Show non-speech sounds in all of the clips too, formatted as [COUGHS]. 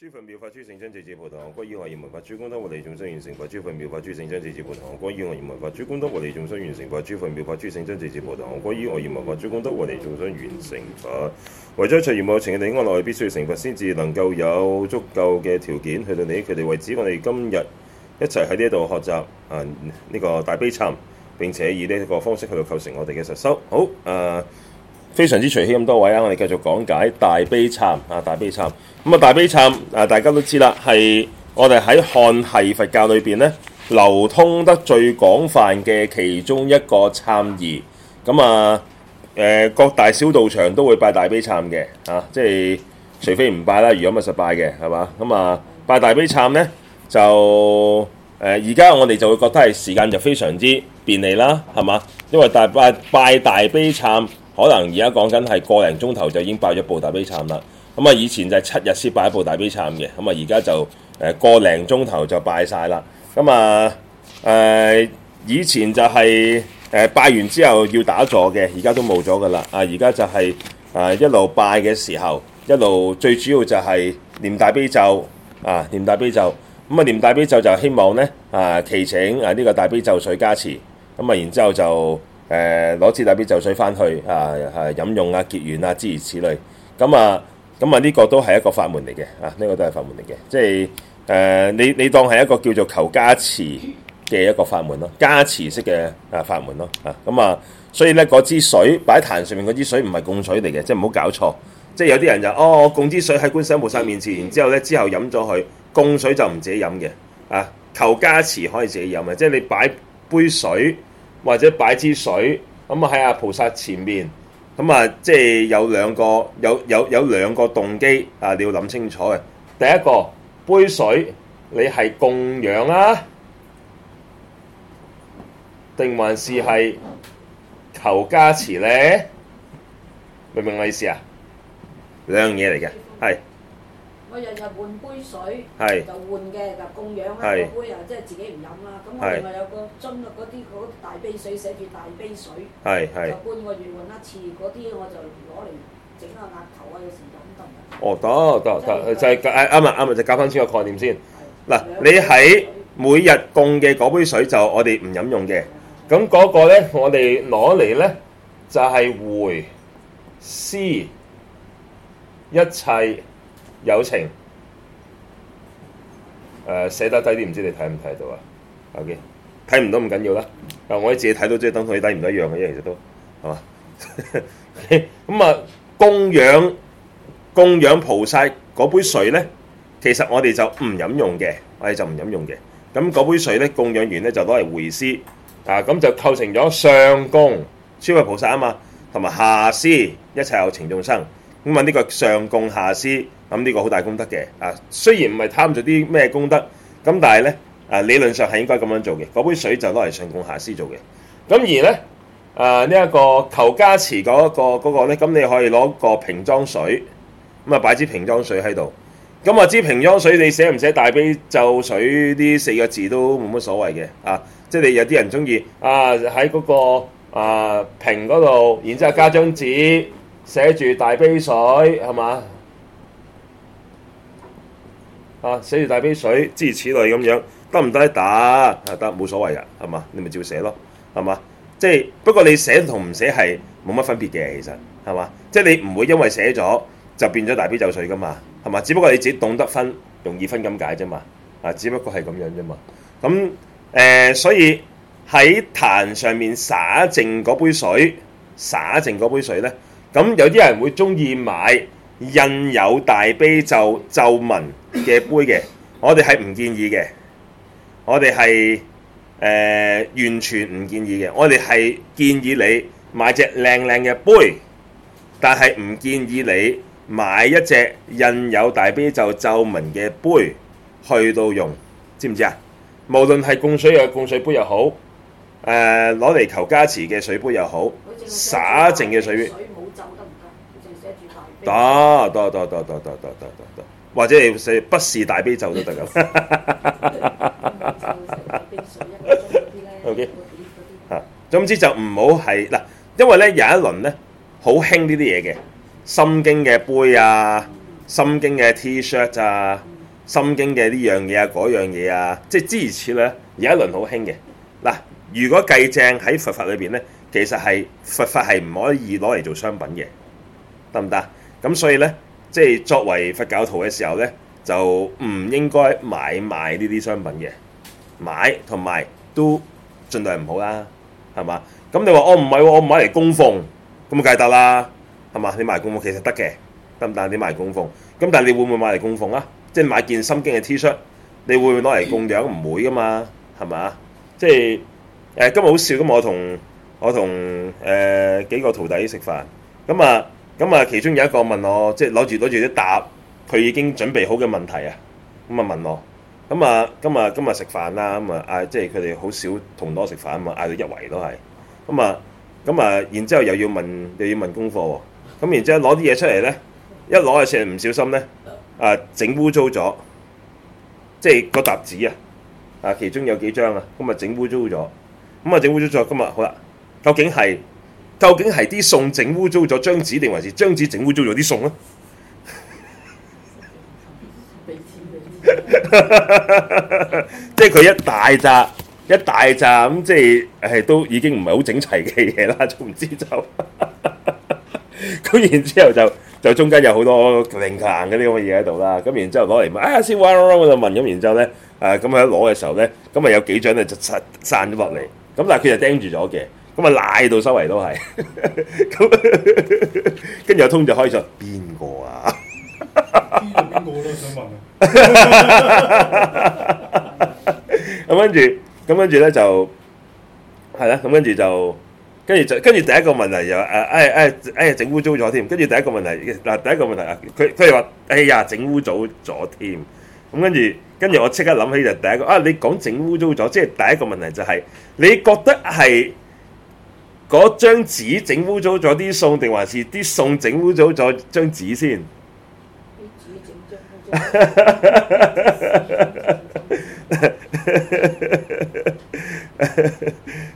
諸佛妙法諸聖真智接菩提，歸依我緣文化；諸功德利眾生完成法。諸佛妙法諸聖真智接菩提，歸依外緣文化；諸功德利眾生完成法。諸佛妙法諸聖真智接菩提，歸依我緣文化；諸功德利眾生完成法。為咗一切圓情，你成就安必須要成佛先至能夠有足夠嘅條件去到你佢哋為止。我哋今日一齊喺呢一度學習啊呢、這個大悲懺並且以呢個方式去到構成我哋嘅實修。好啊。非常之隨喜咁多位啊，我哋繼續講解大悲懺啊，大悲懺咁啊，大悲懺啊，大家都知啦，係我哋喺漢系佛教裏邊咧流通得最廣泛嘅其中一個懺儀。咁啊，誒各大小道場都會拜大悲懺嘅啊，即係除非唔拜啦，如果咪實拜嘅係嘛？咁啊，拜大悲懺咧就誒，而、呃、家我哋就會覺得係時間就非常之便利啦，係嘛？因為大拜拜大悲懺。可能而家講緊係個零鐘頭就已經拜咗部大悲懺啦，咁啊以前就係七日先拜一部大悲懺嘅，咁啊而家就個零鐘頭就拜晒啦，啊，咁、呃、啊以前就係、是、誒、呃、拜完之後要打坐嘅，而家都冇咗㗎喇，啊而家就係、是啊、一路拜嘅時候，一路最主要就係念大悲咒啊念大悲咒，咁啊，念大，啊念大悲咒就希望咧啊祈請啊呢、這個大悲咒水加持，咁啊然之後就。誒攞支大杯酒水翻去啊，係、啊啊、飲用啊、結緣啊諸如此類。咁啊，咁啊呢、啊這個都係一個法門嚟嘅啊，呢、這個都係法門嚟嘅。即係誒、啊，你你當係一個叫做求加持嘅一個法門咯，加持式嘅啊法門咯啊。咁啊，啊，所以咧嗰支水擺喺壇上面嗰支水唔係供水嚟嘅，即係唔好搞錯。即係有啲人就哦我供支水喺觀世音菩薩面前，然後呢之後咧之後飲咗佢供水就唔自己飲嘅啊，求加持可以自己飲嘅，即係你擺杯水。或者擺支水咁啊，喺阿菩薩前面咁啊，即係有兩個有有有兩個動機啊，你要諗清楚嘅。第一個杯水你係供養啊，定還是係求加持咧？明唔明我意思啊？兩樣嘢嚟嘅，係。日日換杯水，就換嘅，就供養一個杯，然後即係自己唔飲啦。咁我另外有個樽啊，嗰啲嗰大悲水寫住大悲水，係係，半個月換一次嗰啲，我就攞嚟整下額頭啊，有時飲得唔得？哦，得得得，就係咁啊，啱啊，啱啊，就交翻先個概念先。嗱，你喺每日供嘅嗰杯水就我哋唔飲用嘅，咁嗰個咧我哋攞嚟咧就係回思一切。友情，誒、呃、寫得低啲，唔知你睇唔睇到啊？OK，睇唔到唔緊要啦。但我哋自己睇到即係等同你睇唔到一樣嘅啫，因為其實都係嘛？咁啊， [LAUGHS] 供養供養菩薩嗰杯水咧，其實我哋就唔飲用嘅，我哋就唔飲用嘅。咁嗰杯水咧，供養完咧就攞嚟回施啊，咁就構成咗上供諸位菩薩啊嘛，同埋下施一切有情眾生。咁啊呢個上供下施，咁、這、呢個好大功德嘅啊。雖然唔係貪咗啲咩功德，咁但係咧，啊理論上係應該咁樣做嘅。攞杯水就攞嚟上供下施做嘅。咁而咧，啊呢一、這個求加持嗰、那個嗰咧，咁你可以攞個瓶裝水，咁啊擺支瓶裝水喺度。咁啊支瓶裝水你寫唔寫大悲咒水呢四個字都冇乜所謂嘅啊。即係你有啲人中意啊喺嗰、那個啊瓶嗰度，然之後加張紙。寫住大悲水係嘛？啊，寫住大悲水，諸如此類咁樣，得唔得？打，係得，冇所謂嘅係嘛？你咪照寫咯，係嘛？即係，不過你寫同唔寫係冇乜分別嘅，其實係嘛？即係，你唔會因為寫咗就變咗大悲咒水噶嘛，係嘛？只不過你自己懂得分，容易分咁解啫嘛。啊，只不過係咁樣啫嘛。咁誒、呃，所以喺壇上面灑淨嗰杯水，灑淨嗰杯水咧。咁有啲人會中意買印有大悲咒咒文嘅杯嘅，我哋係唔建議嘅。我哋係誒完全唔建議嘅。我哋係建議你買隻靚靚嘅杯，但係唔建議你買一隻印有大悲咒咒文嘅杯去到用，知唔知啊？無論係供水又供水杯又好，誒攞嚟求加持嘅水杯又好，灑淨嘅水杯。嗯水多多多多多多多多多，或者你不是大悲咒都得噶。O K，啊，總之就唔好係嗱，因為咧有一輪咧好興呢啲嘢嘅心經嘅杯啊，心經嘅 T-shirt 啊，心經嘅呢樣嘢啊，嗰樣嘢啊，即係諸如此類咧有一輪好興嘅嗱。如果計正喺佛法裏邊咧，其實係佛法係唔可以攞嚟做商品嘅，得唔得？咁所以咧，即係作為佛教徒嘅時候咧，就唔應該買賣呢啲商品嘅，買同埋都盡量唔好啦，係嘛？咁你話我唔係喎，我買嚟供奉，咁咪梗得啦，係嘛？你買嚟供奉其實得嘅，得唔得？你買嚟供奉，咁但係你會唔會買嚟供奉啊？即係買件《心經》嘅 T 恤，你會唔會攞嚟供養？唔會噶嘛，係嘛？即係誒，今日好笑咁，我同我同誒幾個徒弟食飯，咁啊～咁啊，其中有一個問我，即係攞住攞住啲答，佢已經準備好嘅問題啊，咁啊問我，咁啊，今日今日食飯啦，咁啊，啊、嗌，即係佢哋好少同我食飯啊嘛，嗌到一圍都係，咁啊，咁啊，然之後又要問又要問功課喎，咁然之後攞啲嘢出嚟咧，一攞嘅時候唔小心咧，啊整污糟咗，即係個答紙啊，啊其中有幾張啊，咁啊整污糟咗，咁啊整污糟咗，今日好啦，究竟係？究竟係啲餸整污糟咗張紙，定還是張紙整污糟咗啲餸咧？即係佢一大扎一大扎咁，即係係都已經唔係好整齊嘅嘢啦。總唔知就 [LAUGHS] [LAUGHS] 就。就咁，然之後就就中間有好多零散嘅啲咁嘅嘢喺度啦。咁然之後攞嚟，啊先話我就問咁，然之後咧，啊咁啊攞嘅時候咧，咁、嗯、啊有幾張咧就散散咗落嚟。咁但係佢就釘住咗嘅。咁啊，賴到周圍都係咁，跟住有通就開始問邊個啊？邊個都想問啊？咁跟住，咁跟住咧就係啦。咁跟住就跟住就跟住第一個問題又誒誒誒整污糟咗添。跟住第一個問題嗱，第一個問題啊，佢佢哋話：哎呀，整污糟咗添。咁跟住跟住我即刻諗起就第一個啊，你講整污糟咗，即係第一個問題就係你覺得係。嗰張紙整污糟咗啲餸，定還是啲餸整污糟咗張紙先？啲紙整張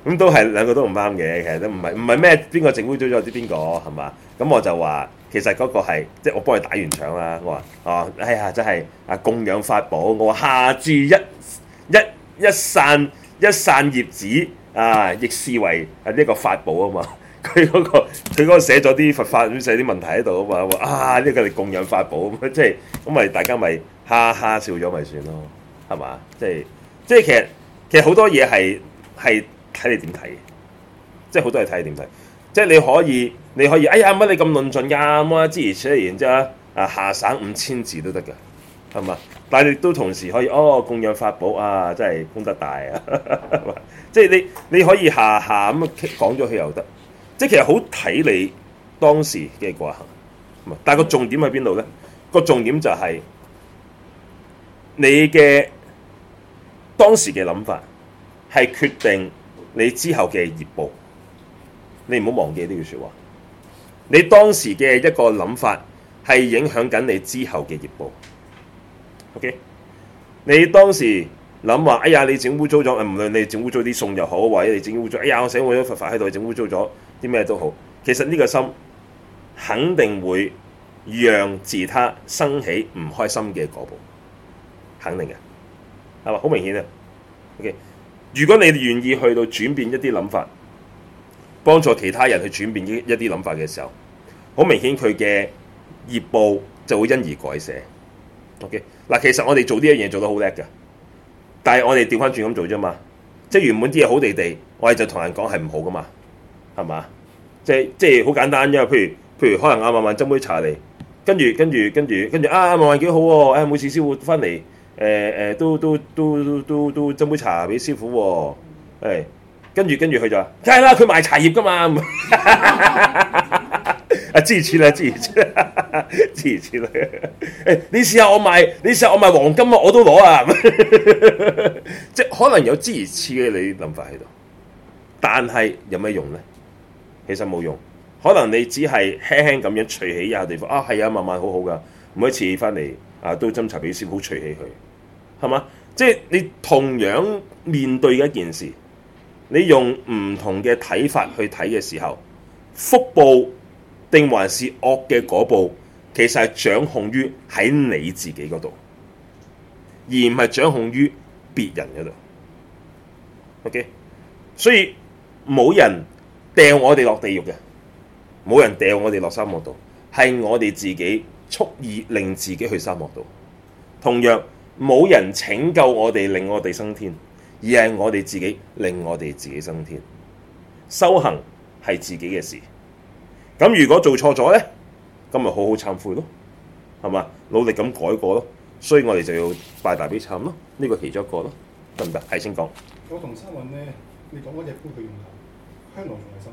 咁都係兩個都唔啱嘅，其實都唔係唔係咩邊個整污糟咗啲邊個係嘛？咁我就話其實嗰個係即係我幫佢打完場啦。我話哦，哎呀真係啊，供養法寶，我話下至一一一,一扇一扇葉子。啊！亦視為係一個法寶啊嘛，佢嗰、嗰個佢嗰個寫咗啲佛法咁寫啲問題喺度啊嘛，啊呢、啊這個係供養法寶咁、啊，即係咁咪大家咪哈哈笑咗咪算咯，係嘛？即係即係其實其實好多嘢係係睇你點睇即係好多嘢睇你點睇，即係你，你可以你可以哎呀乜你咁論盡㗎，咁啊諸如此類然之後啊下省五千字都得㗎。係嘛？但係亦都同時可以哦，供養法寶啊，真係功德大啊！係嘛，即係你你可以下下咁講咗佢又得，即係其實好睇你當時嘅過行。係，但係個重點喺邊度咧？個重點就係你嘅當時嘅諗法係決定你之後嘅業報。你唔好忘記呢句説話，你當時嘅一個諗法係影響緊你之後嘅業報。OK，你當時諗話：哎呀，你整污糟咗，唔論你整污糟啲餸又好，或者你整污糟，哎呀，我寫完咗佛法喺度，整污糟咗啲咩都好。其實呢個心肯定會讓自他生起唔開心嘅果報，肯定嘅，係嘛？好明顯啊。OK，如果你願意去到轉變一啲諗法，幫助其他人去轉變一啲諗法嘅時候，好明顯佢嘅業報就會因而改寫。OK，嗱，其實我哋做呢一樣嘢做得好叻嘅，但係我哋調翻轉咁做啫嘛，即係原本啲嘢好地地，我哋就同人講係唔好噶嘛，係嘛？即係即係好簡單啫，譬如譬如可能阿萬萬斟杯茶嚟，跟住跟住跟住跟住啊，萬萬幾好喎、啊，每次師傅翻嚟，誒、欸、誒都都都都都斟杯茶俾師傅喎、啊，跟住跟住佢就梗係啦，佢賣茶葉噶嘛。 [LAUGHS] 啊！支持啦，支持啦，支持啦！誒、哎，你試下我賣，你試下我賣黃金啊！我都攞啊，即係可能有支持嘅你諗法喺度，但係有咩用咧？其實冇用，可能你只係輕輕咁樣除起一下地方啊，係啊，慢慢好好㗎。每一次翻嚟啊，都斟扎幾先。好除起佢係嘛？即係你同樣面對嘅一件事，你用唔同嘅睇法去睇嘅時候，福報。定還是惡嘅嗰步，其實係掌控於喺你自己嗰度，而唔係掌控於別人嗰度。Okay，所以冇人掟我哋落地獄嘅，冇人掟我哋落沙漠度，係我哋自己蓄意令自己去沙漠度。同樣冇人拯救我哋令我哋升天，而係我哋自己令我哋自己升天。修行係自己嘅事。咁如果做錯咗咧，咁咪好好懺悔咯，係嘛？努力咁改過咯，所以我哋就要拜大悲懺咯，呢個其中一個咯，得唔得？係先講。我同新運咧，你講嗰隻工具用法，香港仲係三。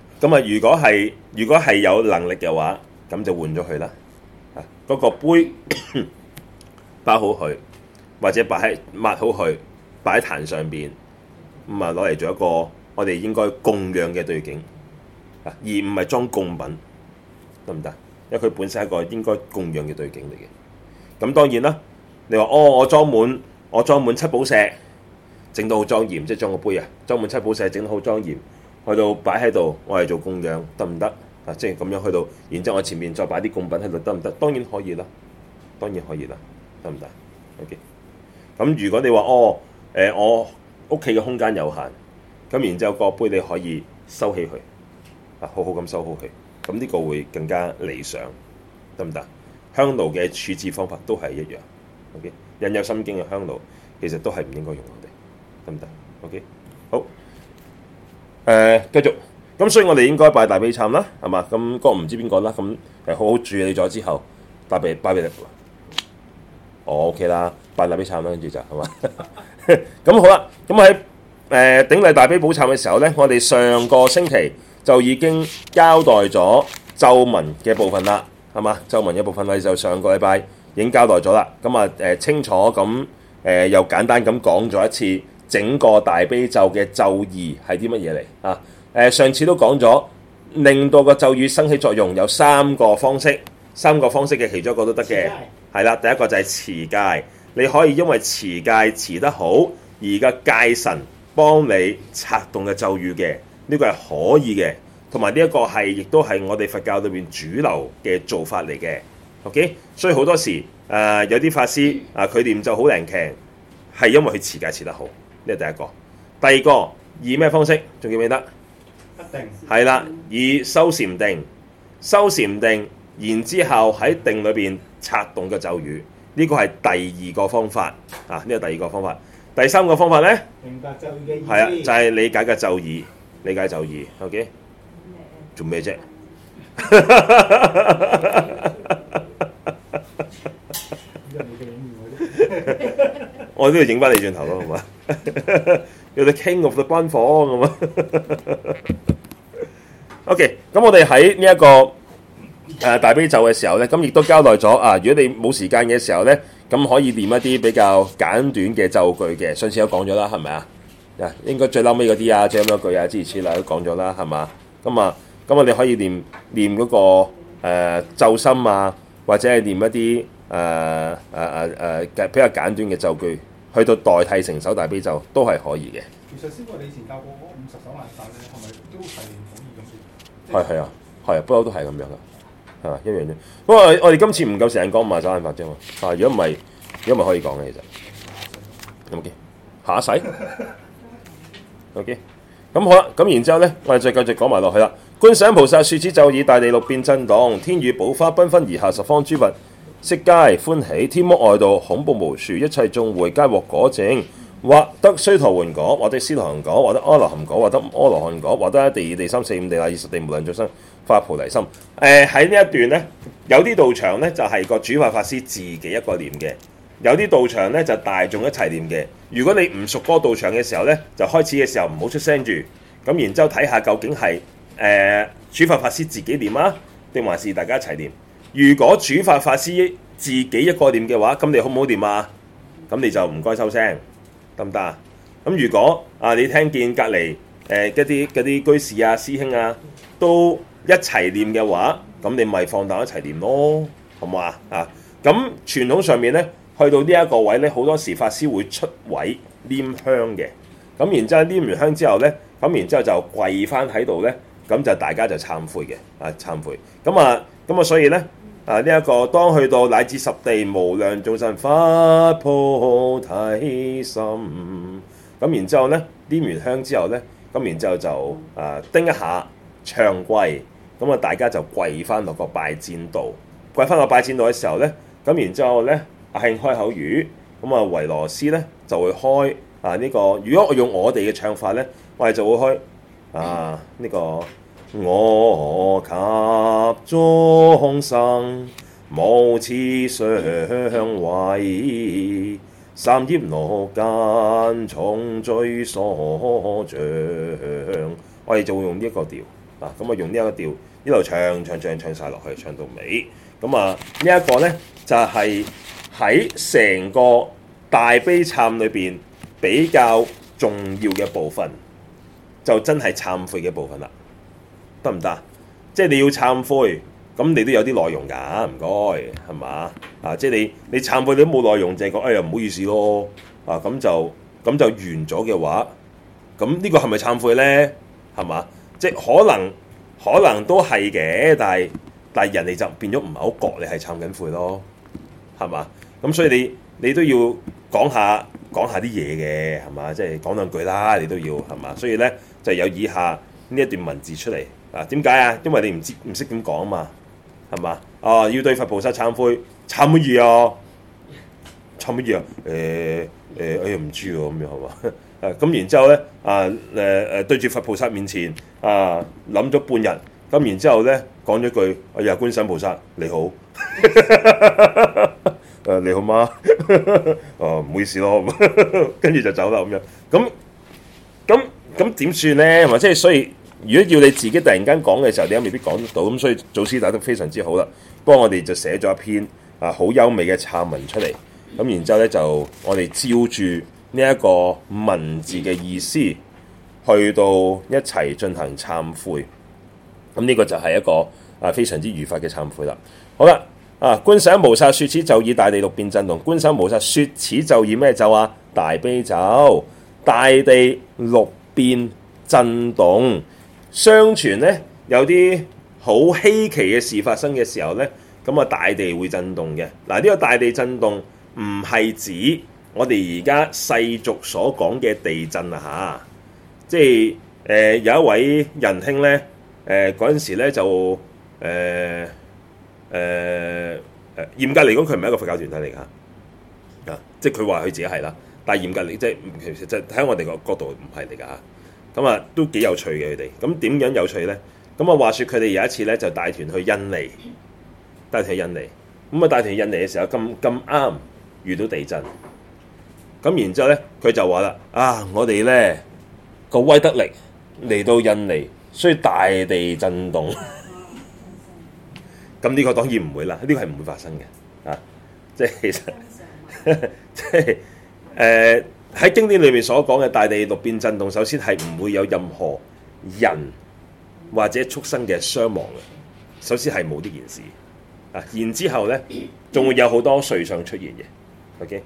咁啊，如果係如果係有能力嘅話，咁就換咗佢啦。嗰、那個杯 [COUGHS] 包好佢，或者擺喺抹好佢，擺喺壇上邊，咁啊攞嚟做一個我哋應該供養嘅對境，而唔係裝供品，得唔得？因為佢本身係一個應該供養嘅對境嚟嘅。咁當然啦，你話哦，我裝滿我裝滿七寶石，整到好莊嚴，即係裝個杯啊，裝滿七寶石整到好莊嚴。去到擺喺度，我係做供養得唔得？啊，即係咁樣去到，然之後我前面再擺啲供品喺度得唔得？當然可以啦，當然可以啦，得唔得？OK。咁如果你話哦，誒、呃、我屋企嘅空間有限，咁然之後個杯你可以收起佢，啊，好好咁收好佢，咁呢個會更加理想，得唔得？香爐嘅處置方法都係一樣，OK。印有心經嘅香爐其實都係唔應該用嘅，得唔得？OK。好。誒、呃、繼續，咁所以我哋應該拜大悲懺啦，係嘛？咁、那、嗰個唔知邊個啦，咁誒好好處理咗之後，大悲拜俾你。我、哦、OK 啦，拜大悲懺啦，跟住就係嘛。咁 [LAUGHS] 好啦，咁喺誒頂禮大悲寶懺嘅時候咧，我哋上個星期就已經交代咗咒文嘅部分啦，係嘛？咒文嘅部分我就上個禮拜已經交代咗啦，咁啊誒清楚，咁、呃、誒又簡單咁講咗一次。整個大悲咒嘅咒義係啲乜嘢嚟啊？上次都講咗，令到個咒語生起作用，有三個方式，三個方式嘅其中一個都得嘅，係啦。第一個就係持戒，你可以因為持戒持得好，而個戒神幫你策動嘅咒語嘅，呢、這個係可以嘅。同埋呢一個係亦都係我哋佛教裏邊主流嘅做法嚟嘅。OK，所以好多時誒、呃、有啲法師啊，佢、呃、唸咒好靈奇，係因為佢持戒持得好。呢係第一個，第二個以咩方式仲記唔記得？一定係啦，以修禪定，修禪定，然之後喺定裏邊拆動嘅咒語，呢、這個係第二個方法啊！呢、這個第二個方法，第三個方法咧？明白咒語嘅意思。係啊，就係、是、理解嘅咒語，理解咒語。O K，做咩啫？ [LAUGHS] [LAUGHS] [LAUGHS] 我都要影翻你轉頭咯，好嘛？有啲傾 the 關房咁啊。OK，咁我哋喺呢一個誒大悲咒嘅時候咧，咁亦都交代咗啊。如果你冇時間嘅時候咧，咁可以念一啲比較簡短嘅咒句嘅。上次都講咗啦，係咪啊？嗱、yeah,，應該最嬲尾嗰啲啊，最嬲尾嗰句啊，諸如此類都講咗啦，係嘛？咁啊，咁我哋可以念念嗰個誒、呃、咒心啊，或者係念一啲誒誒誒誒比較簡短嘅咒句。去到代替成首大悲咒都係可以嘅。其實師父你以前教過係係係，就係，五十手曼扎咧，係咪都係可以咁樣？係係啊，係，不過都係咁樣啦，係嘛一樣啫。不過我哋今次唔夠成講曼扎一百啊，如果唔係，如果唔係可以講嘅其實。OK，下一世。 [LAUGHS] OK，咁好啦，咁然之後咧，我哋再繼續講埋落去啦。觀世音菩薩説此咒已，大地六變震動，天雨寶花繽紛而下，十方諸佛，悉皆歡喜，天魔外道恐怖無樹，一切眾會皆獲果證，或得須陀洹果，或者斯陀含果，或者阿羅含果，或者阿羅漢果，或得第二、第三、四五、第六、二十地無生，無量眾生發菩提心。誒、呃，喺呢一段呢，有啲道場呢，就係、是、個主法法師自己一個念嘅，有啲道場呢，就大眾一齊念嘅。如果你唔熟嗰道場嘅時候呢，就開始嘅時候唔好出聲住，咁然之後睇下究竟係誒、呃、主法法師自己念啊，定還是大家一齊念？如果主法法師自己一個念嘅話，咁你好唔好念啊？咁你就唔該收聲，得唔得啊？咁如果啊，你聽見隔離誒啲嗰啲居士啊、師兄啊都一齊念嘅話，咁你咪放膽一齊念咯，好唔好啊？啊，咁傳統上面呢，去到呢一個位呢，好多時法師會出位拈香嘅，咁然之後拈完香之後呢，咁然之後就跪翻喺度呢，咁就大家就懺悔嘅啊懺悔，咁啊咁啊，咁所以呢。啊！呢、這、一個當去到乃至十地無量眾生發菩提心，咁然之後咧點完香之後咧，咁然之後就啊叮一下唱跪，咁啊大家就跪翻落個拜戰度。跪翻落拜戰度嘅時候咧，咁然之後咧阿慶開口語，咁啊維羅斯咧就會開啊呢、這個，如果我用我哋嘅唱法咧，我哋就會開啊呢、這個。我及眾生無此相違，三業羅間重罪所障。我、哎、哋就會用呢一個調啊，咁啊用呢一個調，一路唱唱唱唱晒落去，唱到尾。咁啊、這個、呢一個咧就係喺成個大悲懺裏邊比較重要嘅部分，就真係懺悔嘅部分啦。得唔得？即係你要懺悔，咁你都有啲內容㗎，唔該，係嘛？啊，即係你你懺悔你都冇內容，淨係講，哎呀唔好意思咯，啊咁、啊、就咁就完咗嘅話，咁呢個係咪懺悔咧？係嘛？即係可能可能都係嘅，但係但係人哋就變咗唔係好覺你係懺緊悔咯，係嘛？咁所以你你都要講下講下啲嘢嘅，係嘛？即係講兩句啦，你都要係嘛？所以咧就有以下呢一段文字出嚟。啊，點解啊？因為你唔知唔識點講啊嘛，係嘛？哦，要對佛菩薩懺悔，懺乜嘢哦？懺乜嘢？誒、欸、誒，哎、欸、呀，唔、欸欸、知喎，咁樣，係嘛？咁然之後咧，啊誒誒、啊啊啊啊，對住佛菩薩面前，啊諗咗半日，咁然之後咧，講咗句：啊，哎、呀，觀世音菩薩你好，誒、 [LAUGHS] 啊、你好嗎？哦、 [LAUGHS] 啊，唔好意思咯，啊、跟住就走啦咁樣。咁咁咁點算咧？係咪即係所以？如果要你自己突然間講嘅時候，你都未必講得到，咁所以祖師打得非常之好啦。幫我哋就寫咗一篇啊好優美嘅懺文出嚟，咁、啊、然之後呢，就我哋照住呢一個文字嘅意思去到一齊進行懺悔，咁、啊、呢、這個就係一個啊非常之愉快嘅懺悔啦。好啦，啊觀世音菩薩説此咒已，大地六變震動，觀世音菩薩説此咒已，咩咒啊？大悲咒，大地六變震動。相傳咧有啲好稀奇嘅事發生嘅時候咧，咁啊大地會震動嘅。嗱、這、呢個大地震動唔係指我哋而家世俗所講嘅地震啊吓，即係誒、呃、有一位仁兄咧誒嗰陣時咧就誒誒、呃呃、嚴格嚟講佢唔係一個佛教團體嚟噶啊，即係佢話佢自己係啦，但係嚴格嚟即係其實就喺、是就是、我哋個角度唔係嚟噶嚇。咁啊，都幾有趣嘅佢哋。咁點樣有趣呢？咁啊，話說佢哋有一次咧，就帶團去印尼，帶團去印尼。咁啊，帶團去印尼嘅時候咁咁啱遇到地震。咁然之後呢，佢就話啦：啊，我哋呢個威德力嚟到印尼，所以大地震動。咁 [LAUGHS] 呢個當然唔會啦，呢、呢個係唔會發生嘅。啊，即係其實， [LAUGHS] 即係誒。呃喺經典裏面所講嘅大地六變震動，首先係唔會有任何人或者畜生嘅傷亡嘅，首先係冇呢件事的啊，然之後呢，仲會有好多瑞相出現嘅。OK，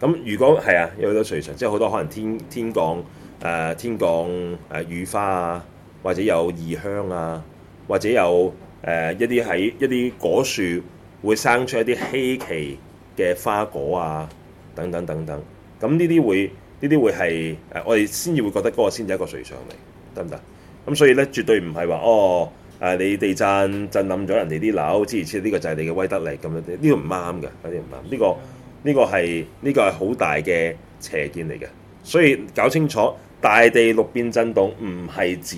咁如果係啊，有好多瑞相，即係好多可能天天降誒、呃、天降誒雨花啊，或者有異香啊，或者有誒、呃、一啲喺一啲果樹會生出一啲稀奇嘅花果啊，等等等等。咁呢啲會，呢啲會係誒，我哋先至會覺得嗰個先至一個水上嚟，得唔得？咁所以咧，絕對唔係話哦，誒你地震震冧咗人哋啲樓，之而之呢個就係你嘅威德力咁樣啲，呢、呢個唔啱嘅，呢啲唔啱。呢個呢個係呢個係好大嘅邪見嚟嘅。所以搞清楚大地六變震動唔係指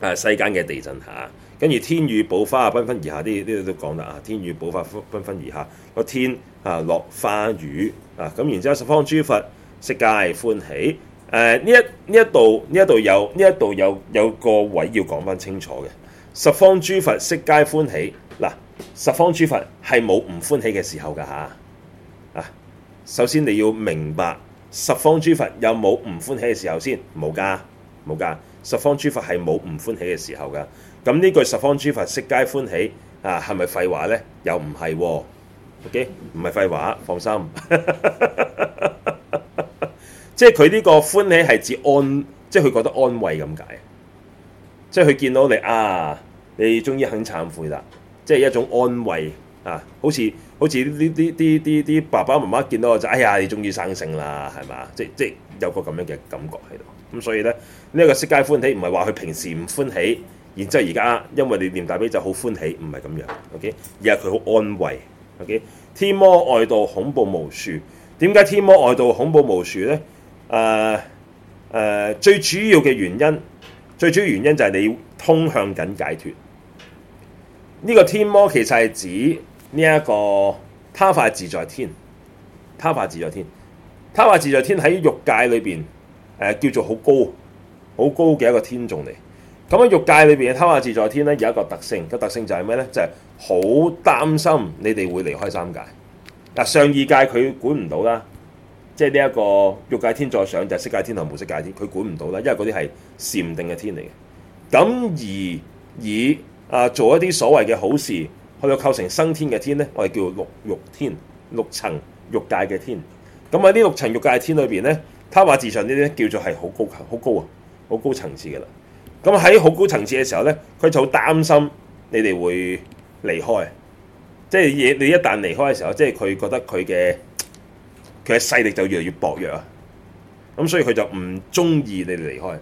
誒世、啊、間嘅地震嚇、啊，跟住天雨寶花啊，繽紛而下啲啲都講啦啊，天雨寶花繽紛而下個天。啊，落花雨啊，咁，然之後十方諸佛悉皆歡喜。誒、啊、呢一呢一度呢一度有呢一度有有個位要講翻清楚嘅。十方諸佛悉皆歡喜。嗱、啊，十方諸佛係冇唔歡喜嘅時候㗎嚇。啊，首先你要明白十方諸佛有冇唔歡喜嘅時候先，冇㗎冇㗎。十方諸佛係冇唔歡喜嘅時候㗎。咁呢、啊、句十方諸佛悉皆歡喜啊，係咪廢話呢？又唔係喎。唔係廢話，放心，即係佢呢個歡喜係指安，即係佢覺得安慰咁解。即係佢見到你啊，你終於肯懺悔啦，即係一種安慰啊，好似好似呢啲啲啲爸爸媽媽見到我，就哎呀，你終於生性啦，係咪？即即係有一個咁樣嘅感覺喺度。咁所以咧呢個悉皆歡喜唔係話佢平時唔歡喜，然之後而家因為你念大悲就好歡喜，唔係咁樣。OK，而係佢好安慰。O.K. 天魔外道恐怖無數，點解天魔外道恐怖無數咧？誒、啊、誒、啊、最主要嘅原因，最主要原因就係你要通向緊解脫。呢、這個天魔其實係指呢一個他化自在天，他化自在天，他化自在天喺欲界裏邊誒、啊、叫做好高好高嘅一個天眾嚟。咁喺欲界裏邊嘅他化自在天咧，有一個特性，個特性就係咩咧？就係好擔心你哋會離開三界。嗱，上二界佢管唔到啦，即係呢一個欲界天再上就係色界天同無色界天，佢管唔到啦，因為嗰啲係禪定嘅天嚟嘅。咁而以啊，做一啲所謂嘅好事，去到構成生天嘅天咧，我哋叫六欲天，六層欲界嘅天。咁喺呢六層欲界嘅天裏邊咧，他化自在呢啲叫做係好高好高啊，好高層次嘅啦。咁喺好高層次嘅時候呢，佢就好擔心你哋會離開，即係你,你一旦離開嘅時候，即係佢覺得佢嘅佢嘅勢力就越嚟越薄弱啊。咁所以佢就唔中意你哋離開。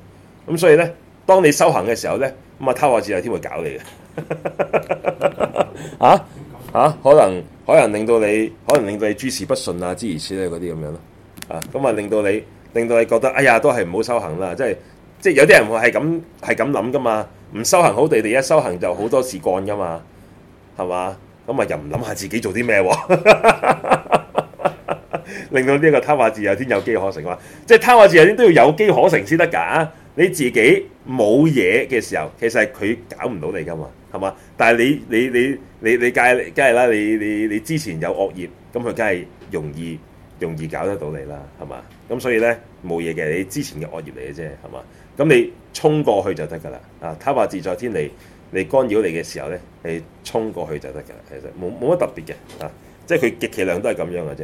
咁所以呢，當你修行嘅時候呢，咁 [LAUGHS] 啊，他化自在天會搞你嘅，啊可能可能令到你，可能令到你諸事不順啊，諸如此類嗰啲咁樣咯。咁啊，啊就令到你，令到你覺得，哎呀，都係唔好修行啦，即係。即係有啲人會係咁係咁諗噶嘛，唔修行好地地一修行就好多事幹噶嘛，係嘛？咁啊又唔諗下自己做啲咩喎？ [LAUGHS] 令到呢、這個、一個他化自在天有機可乘嘛？即係他化自在天都要有機可乘先得㗎。你自己冇嘢嘅時候，其實係佢搞唔到你噶嘛，係嘛？但係你你你你你梗係梗係啦，你你你,你,你,你,你,你,你之前有惡業，咁佢梗係容易容易搞得到你啦，係嘛？咁所以咧冇嘢嘅，你之前嘅惡業嚟嘅啫，係嘛？咁你衝過去就得噶啦！啊，他話自在天嚟你干擾你嘅時候咧，你衝過去就得噶啦。其實冇冇乜特別嘅啊，即係佢極其量都係咁樣嘅啫。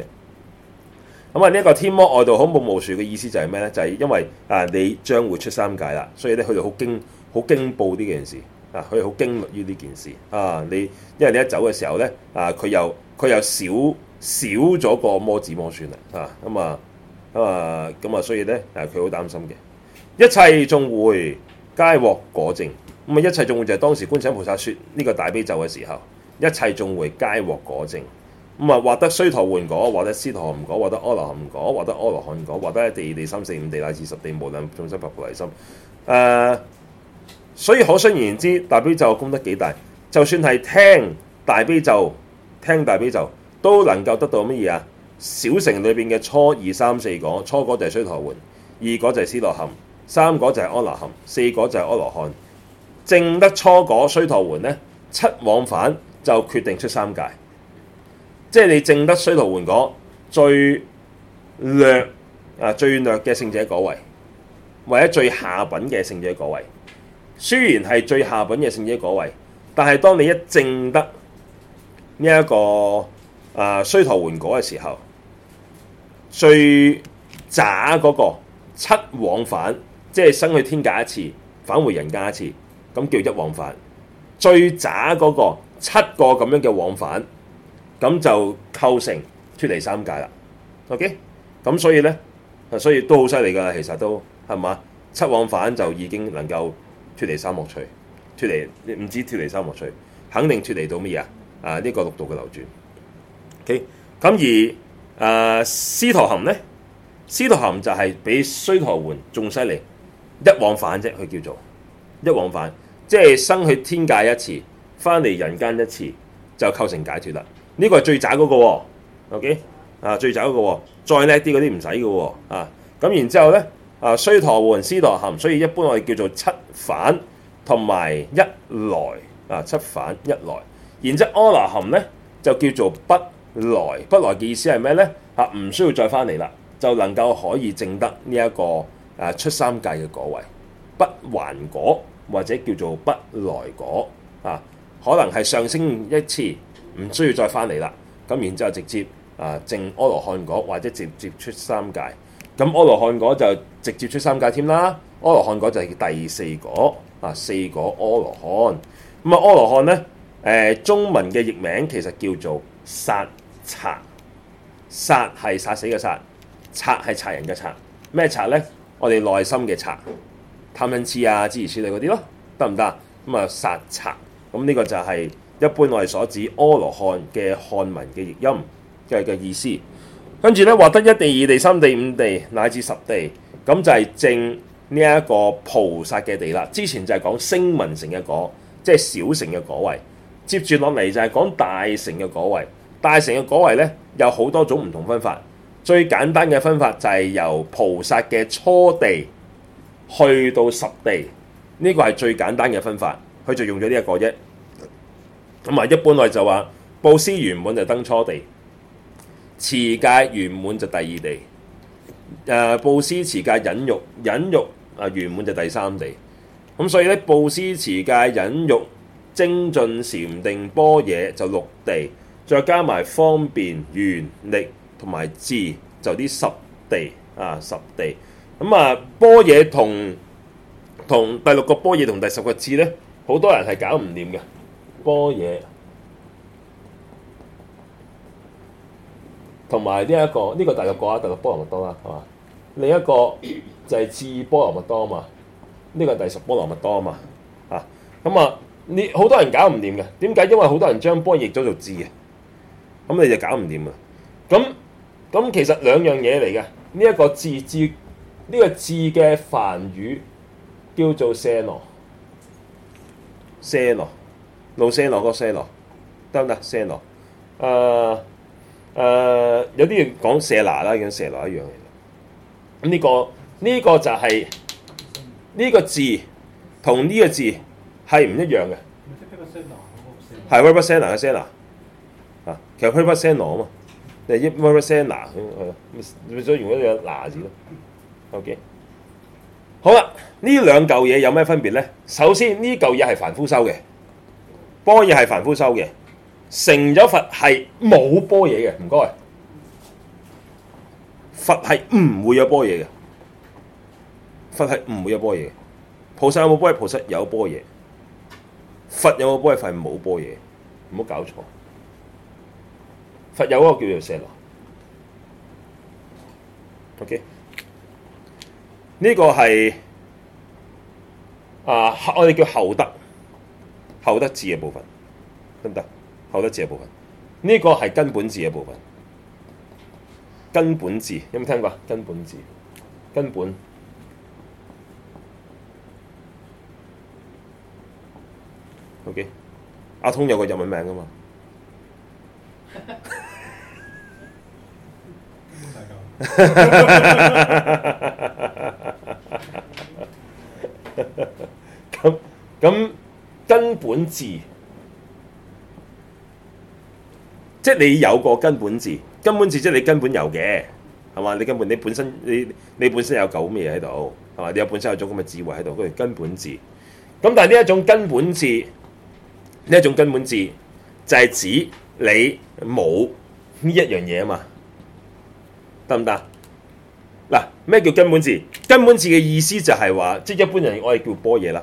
咁啊，呢、這、一個天魔外道恐怖無數嘅意思就係咩咧？就係、是、因為啊，你將會出三界啦，所以咧佢哋好驚好驚怖呢、啊、件事啊，佢哋好驚於呢件事啊。你因為你一走嘅時候咧啊，佢又佢又少少咗個魔子魔孫啦啊，咁啊咁啊咁啊，啊，所以咧啊，佢好擔心嘅。一切眾會皆獲果證，咁啊一切眾會就係、是、當時觀世菩薩說呢、這個大悲咒嘅時候，一切眾會皆獲果證，咁啊獲得須陀洹果，獲得斯陀含果，獲得阿羅含果，獲得阿羅漢果，獲得地地三四五地乃至十地，無量眾生發菩提心，誒、啊，所以可想而知，大悲咒功德幾大，就算係聽大悲咒，聽大悲咒都能夠得到乜嘢啊？小乘裏邊嘅初二三四果，初果就係須陀洹，二果就係斯陀含。三果就係阿那含，四果就係阿羅漢，證得初果須陀洹咧，七往返就決定出三界。即係你證得須陀洹果最劣啊，最劣嘅聖者果位，或者最下品嘅聖者果位。雖然係最下品嘅聖者果位，但係當你一證得呢一個啊須陀洹果嘅時候，最渣嗰、那個七往返。即係生去天界一次，返回人間一次，咁叫一往返。最渣嗰、那個七個咁樣嘅往返，咁就構成脫離三界啦。OK，咁所以咧，所以都好犀利噶，其實都係嘛？七往返就已經能夠脫離三惡趣，脫離唔知脫離三惡趣，肯定脫離到乜嘢啊？啊，呢、這個六道嘅流轉。OK，咁而啊，斯陀含咧，斯陀含就係比須陀洹仲犀利。一往返啫，佢叫做一往返，即係生去天界一次，翻嚟人間一次，就構成解脫啦。呢、這個係最渣嗰、那個，OK 啊，最渣嗰、那個，再叻啲嗰啲唔使㗎喎啊。咁然之後咧啊，須、啊、陀洹，斯陀含，所以一般我哋叫做七返，同埋一來啊，七返、一來，然之後阿那含咧就叫做不來，不來嘅意思係咩咧？啊，唔需要再翻嚟啦，就能夠可以證得呢、這、一個。出三界嘅果位，不還果或者叫做不來果啊，可能係上升一次，唔需要再返嚟啦。咁然之後直接啊，證阿羅漢果或者直接出三界。咁阿羅漢果就直接出三界添啦。阿羅漢果就係第四果啊，四果阿羅漢。咁啊，阿羅漢呢，誒、呃、中文嘅譯名其實叫做殺、賊。殺係殺死嘅殺，賊係賊人嘅賊。咩賊呢？我哋內心嘅賊，貪嗔痴啊、諸如此類嗰啲咯，得唔得？咁啊，殺賊，咁呢個就係一般我哋所指阿羅漢嘅漢文嘅譯音嘅嘅、就是、意思。跟住呢，獲得一地、二地、三地、五地乃至十地，咁就係正呢一個菩薩嘅地啦。之前就係講聲聞乘嘅果，即、就、係、是、小乘嘅果位。接住落嚟就係講大乘嘅果位，大乘嘅果位呢，有好多種唔同分法。最簡單嘅分法就係由菩薩嘅初地去到十地，呢個係最簡單嘅分法。佢就用咗呢一個啫。咁啊，一般嚟就話布施圓滿就登初地，持戒圓滿就第二地。誒，布施持戒忍辱忍辱啊，圓滿、啊、就第三地。咁、啊、所以呢，布施持戒忍辱精進禪定般若就六地，再加埋方便願力。同埋智就啲十地啊，十地咁啊，般若同同第六個般若同第十個智咧，好多人係搞唔掂嘅。般若，同埋呢一個呢個第六個啊，第六波羅蜜多啦，係嘛？另一個就係智波羅蜜多啊嘛，呢、這個第十波羅蜜多啊嘛啊，咁啊，你好多人搞唔掂嘅點解？因為好多人將般若譯咗做智啊。咁你就搞唔掂啊！咁咁其實兩樣嘢嚟嘅，呢、這、一個字字，呢、這個字嘅繁語叫做射羅，射 l 老射羅嗰個射羅，得唔得？射羅，誒、呃、誒、呃，有啲嘢講射拿啦，咁射拿一樣嘢。咁、這、呢個呢、這個就係、是、呢、這個字同呢個字係唔一樣嘅，係 represent 嘅 r e r e s e n t 啊，其實 represent 啊嘛。你一 p e r n t 嗱，係 [NOISE] 咯樂，所以如果有嗱字咯，OK，好啦，兩呢兩嚿嘢有咩分別咧？首先呢嚿嘢係凡夫修嘅，波嘢係凡夫修嘅，成咗佛係冇波嘢嘅，唔該。佛係唔會有波嘢嘅，佛係唔會有波嘢。菩薩有冇波？菩薩有波嘢。佛有冇波？佛係冇波嘢，唔好搞錯。佛有嗰個叫做舍羅，OK？呢個係啊，我哋叫後德，後德智嘅部分得唔得？後德智嘅部分，呢、這個係根本智嘅部分，根本智有冇聽過？根本智，根本 OK？阿通有個日文名㗎嘛？咁 [LAUGHS] 咁根本智，即係你有個根本智，根本智即係你根本有嘅，係嘛？你根本你本身你你本身有九咩喺度，係嘛？你有本身有種咁嘅智慧喺度，叫做根本智。咁但係呢一種根本智，呢一種根本智就係指。你冇呢一樣嘢啊嘛，得唔得？嗱，咩叫根本字？根本字嘅意思就係話，即係一般人我哋叫般若啦。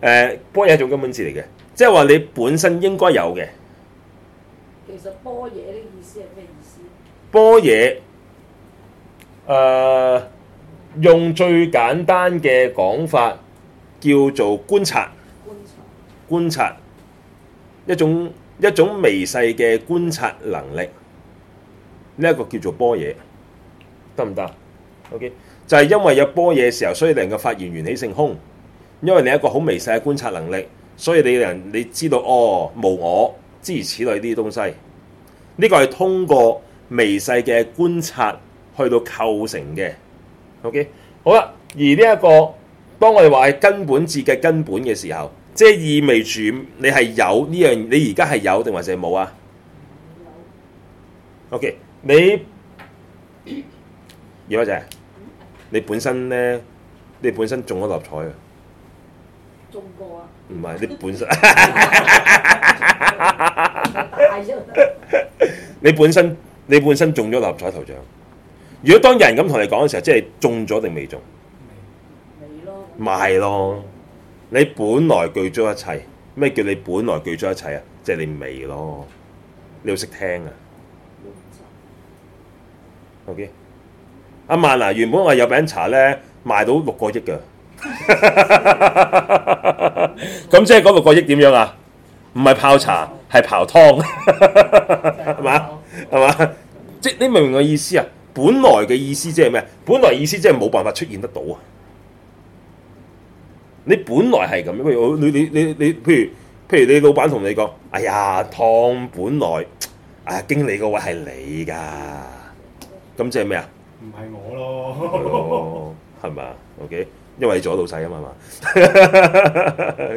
誒、呃，般若係一種根本字嚟嘅，即係話你本身應該有嘅。其實般若呢個意思係咩意思？般若誒，用最簡單嘅講法叫做觀察，觀察，觀察一種。一種微細嘅觀察能力，呢、這、一個叫做般若，得唔得？OK，就係因為有般若嘅時候，所以能夠發現緣起性空，因為你一個好微細嘅觀察能力，所以你人你知道哦無我，諸如此類啲東西，呢、這個係通過微細嘅觀察去到構成嘅。OK，好啦，而呢、這、一個當我哋話係根本智嘅根本嘅時候。即係意味住你係有呢樣，你而家係有定還是冇啊？OK，你而家者，你本身咧，你本身中咗六合彩啊？中過啊？唔係，你本身你本身你本身中咗六合彩頭獎。如果當人咁同你講嘅時候，即係中咗定未中？未咯。咪咯。你本來具足一切，咩叫你本來具足一切啊？即係你未咯，你要識聽啊！OK，阿曼啊，原本我有餅茶咧賣到六個億嘅，咁、 [LAUGHS] [LAUGHS] [LAUGHS] [LAUGHS] 嗯嗯、即係嗰六個億點樣啊？唔係泡茶，係 [LAUGHS] 泡湯，係 [LAUGHS] 嘛泡？係 [LAUGHS] 嘛、 [LAUGHS] 嗯？是 [LAUGHS] 即你明唔明我意思啊？本來嘅意思即係咩？本來意思即係冇辦法出現得到啊！你本來係咁樣，譬如你你你你，譬如譬如你老闆同你講，哎呀，湯本來啊、哎，經理嗰位係你噶，咁即係咩啊？唔係我咯，係嘛、哦？OK，因為你做咗老細啊嘛嘛，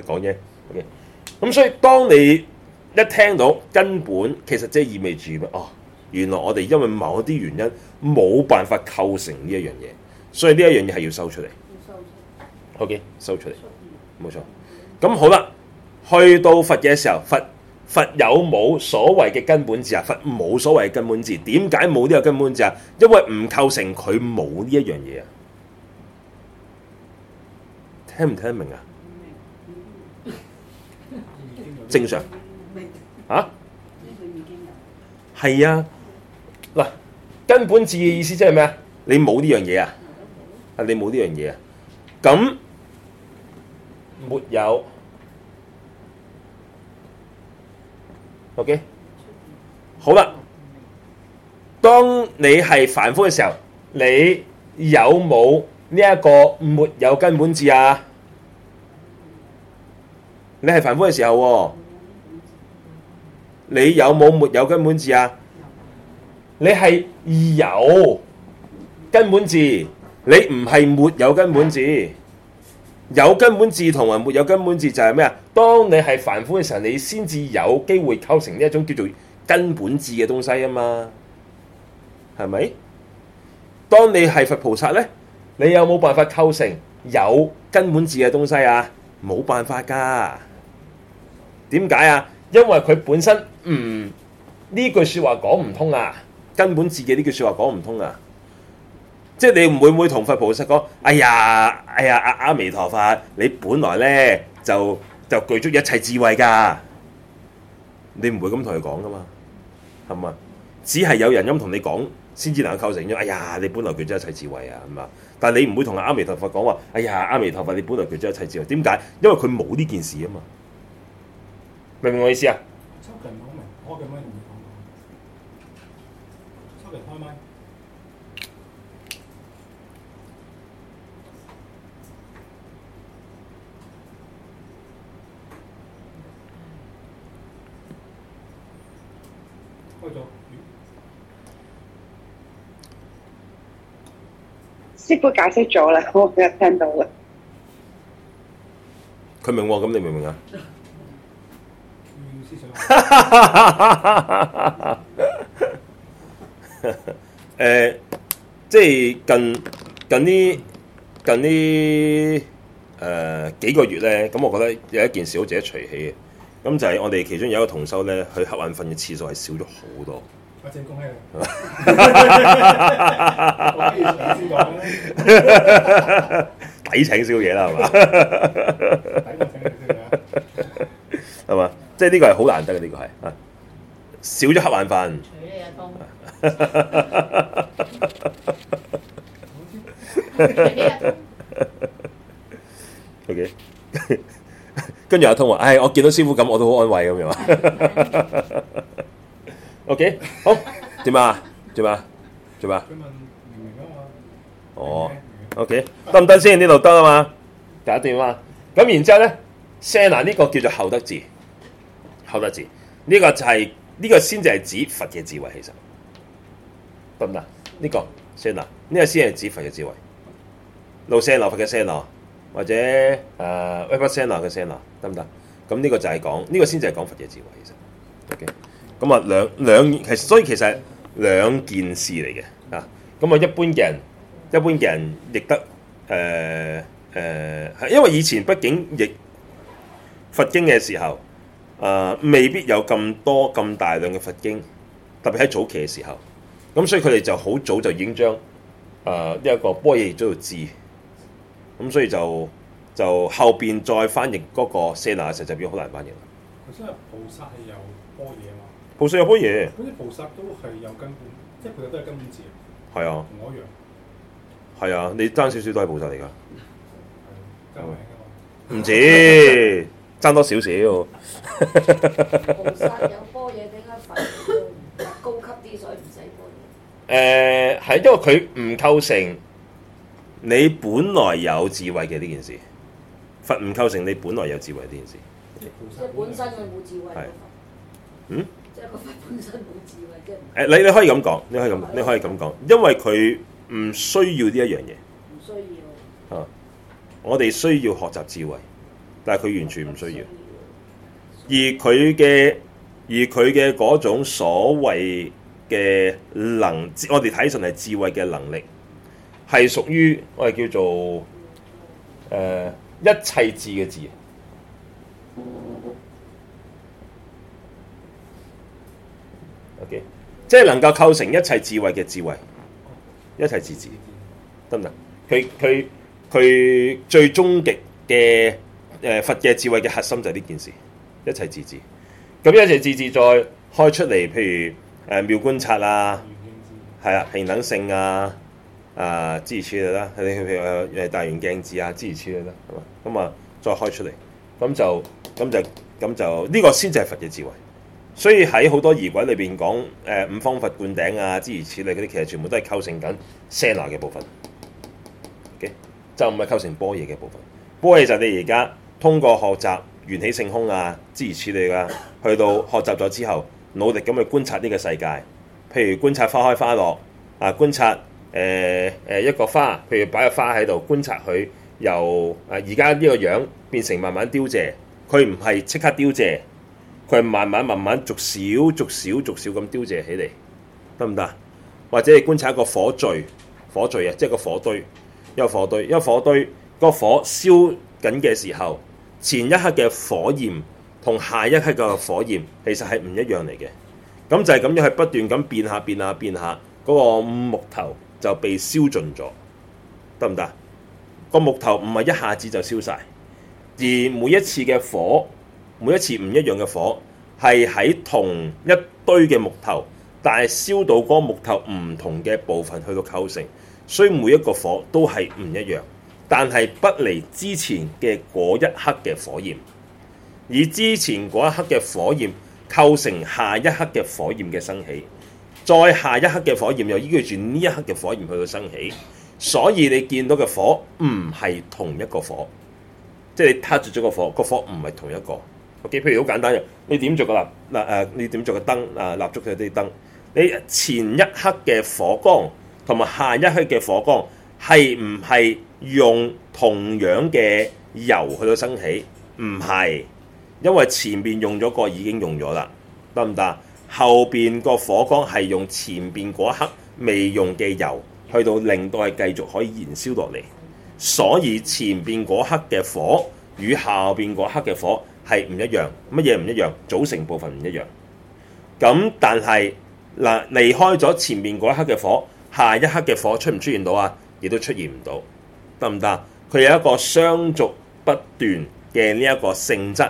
講嘢 [LAUGHS] OK。咁所以當你一聽到根本其實即係意味住咩？哦，原來我哋因為某啲原因冇辦法構成呢一樣嘢，所以呢一樣嘢係要收出嚟。O.K. 收出嚟，冇錯。咁好啦，去到佛嘅時候，佛佛有冇所謂嘅根本字啊？佛冇所謂嘅根本字，點解冇呢個根本字啊？因為唔構成佢冇呢一樣嘢啊。聽唔聽得明啊？ [NOISE] 正常。明。啊？係 [NOISE] 啊。嗱，根本字嘅意思即係咩啊？你冇呢樣嘢啊。啊，你冇呢樣嘢啊。咁。沒有，OK，好啦。當你係凡夫嘅時候，你有冇呢一個沒有根本字啊？你係凡夫嘅時候喎，你有冇沒有根本字啊？你係有根本字，你唔係沒有根本字。有根本字同埋沒有根本字就係咩啊？當你係凡夫嘅時候，你先至有機會構成呢一種叫做根本字嘅東西啊嘛，係咪？當你係佛菩薩呢，你有冇辦法構成有根本字嘅東西啊？冇辦法噶。點解啊？因為佢本身嗯呢句說話講唔通啊，根本字嘅呢句說話講唔通啊。即係你唔會唔會同佛菩薩講，哎呀，哎呀，阿阿彌陀佛，你本來咧就就具足一切智慧噶，你唔會咁同佢講噶嘛，係嘛？只係有人咁同你講，先至能夠構成咗，哎呀，你本來具足一切智慧啊係嘛？但係你唔會同阿彌陀佛講話，哎呀，阿彌陀佛，你本來具足一切智慧，點解？因為佢冇呢件事啊嘛，明唔明我意思啊？即管解釋咗啦，我今日聽到嘅。佢明喎，咁你明唔明啊？誒、 [LAUGHS] [LAUGHS] 嗯，即係近近呢近啲誒、呃、幾個月咧，咁我覺得有一件事好值得隨喜嘅，咁就係我哋其中有一個同修咧，去合眼瞓嘅次數係少咗好多。正功 [LAUGHS] [LAUGHS] 抵請少嘢啦，係嘛？係嘛？ [LAUGHS] 即係呢個係好難得嘅，呢個係少咗黑晚飯。啊、 [LAUGHS] [LAUGHS] OK，跟 [LAUGHS] 住阿通話：，唉、哎，我見到師傅咁，我都好安慰咁樣。 [LAUGHS] O、okay, K，好，點 [LAUGHS] 啊？做啊？做啊？哦，O K，得唔得先？呢度得啊嘛？搞掂啊嘛，咁然之後咧 s e n a 呢個叫做後得智。後得智，呢、呢個就係、是、呢、呢個先就係指佛嘅智、呢個呢個智，呃呢個、智慧，其實得唔得？呢、呢個 s e n a 呢個先係指佛嘅智慧，路 s e n a 佛嘅 s e n a 或者誒威伯 s e n a 嘅 s e n a 得唔得？咁呢個就係講呢個先就係講佛嘅智慧，其實 O K。呃呢個咁啊，兩兩，其所以其實係兩件事嚟嘅啊，咁啊一般嘅人一般嘅人亦得誒誒、呃呃，因為以前畢竟譯佛經嘅時候啊、呃，未必有咁多咁大量嘅佛經特別喺早期嘅時候，咁所以佢哋就好早就已經將誒呢一個般若亦都野字，咁所以就就後邊再翻譯嗰個塞納嘅實際上就好難翻譯，佢真係菩薩係有般若。菩薩有樖嘢，嗰啲菩薩都係有根本，即係佢都係根本智。係啊，同我一樣。係啊，你爭少少都係菩薩嚟噶。唔、嗯、止，爭、啊、多少少。 [LAUGHS] 菩薩有波嘢，點解佛唔高級啲，所以唔使講嘢？係、呃、因為佢唔構成你本來有智慧嘅呢件事。佛唔構成你本來有智慧呢件事。即係菩薩本身佢冇智慧。係。嗯？本身冇智慧，即係誒，你你可以咁講，你可以咁講，你可以咁講，因為佢唔需要呢一樣嘢。唔需要。啊！我哋需要學習智慧，但係佢完全唔需，需要。而佢嘅而佢嘅嗰種所謂嘅能，我哋睇上係智慧嘅能力，係屬於我哋叫做誒、呃、一切智嘅智。即係能夠構成一切智慧嘅智慧，一切智智。得唔得？佢佢佢最終極嘅誒佛嘅智慧嘅核心就係呢件事，一切智智。咁一切智智再開出嚟，譬如誒、呃、妙觀察啊，係啊平等性，性啊，啊、呃、諸如此類啦、啊，佢佢佢係大圓鏡智啊，諸如此類啦、啊，係嘛？咁啊再開出嚟，咁就咁就咁就呢、這個先至係佛嘅智慧。所以喺好多儀軌裏邊講誒五方佛灌頂啊，諸如此類嗰啲，其實全部都係構成緊聲納嘅部分、okay? 就唔係構成波嘢嘅部分。波嘢就係你而家通過學習緣起性空啊，諸如此類啦，去到學習咗之後，努力咁去觀察呢個世界，譬如觀察花開花落啊，觀察誒誒、呃呃、一個花，譬如擺個花喺度觀察佢由誒而家呢個樣變成慢慢凋謝，佢唔係即刻凋謝。佢慢慢慢慢逐少逐少逐少咁凋謝起嚟，得唔得？或者你觀察一個火墜，火墜啊，即係個火堆，一個火堆，一個火堆。個火燒緊嘅時候，前一刻嘅火焰同下一刻嘅火焰其實係唔一樣嚟嘅。咁就係咁樣，係不斷咁變下變下變下，嗰個木頭就被燒盡咗，得唔得？個木頭唔係一下子就燒晒，而每一次嘅火，每一次唔一樣嘅火，係喺同一堆嘅木頭，但係燒到嗰木頭唔同嘅部分去到構成，所以每一個火都係唔一樣。但係不離之前嘅嗰一刻嘅火焰，而之前嗰一刻嘅火焰構成下一刻嘅火焰嘅升起，再下一刻嘅火焰又依據住呢一刻嘅火焰去到升起，所以你見到嘅火唔係同一個火，即係你撻住咗個火，個火唔係同一個。譬如好簡單嘅，你點做個蠟嗱誒？你點做個燈啊，蠟燭佢啲燈，你前一刻嘅火光同埋下一刻嘅火光係唔係用同樣嘅油去到升起？唔係，因為前邊用咗個已經用咗啦，得唔得？後邊個火光係用前邊嗰一刻未用嘅油去到令到係繼續可以燃燒落嚟，所以前邊嗰刻嘅火與下邊嗰刻嘅火。係唔一樣，乜嘢唔一樣？組成部分唔一樣。咁但係嗱，離開咗前面嗰一刻嘅火，下一刻嘅火出唔出現到啊？亦都出現唔到，得唔得？佢有一個相續不斷嘅呢一個性質，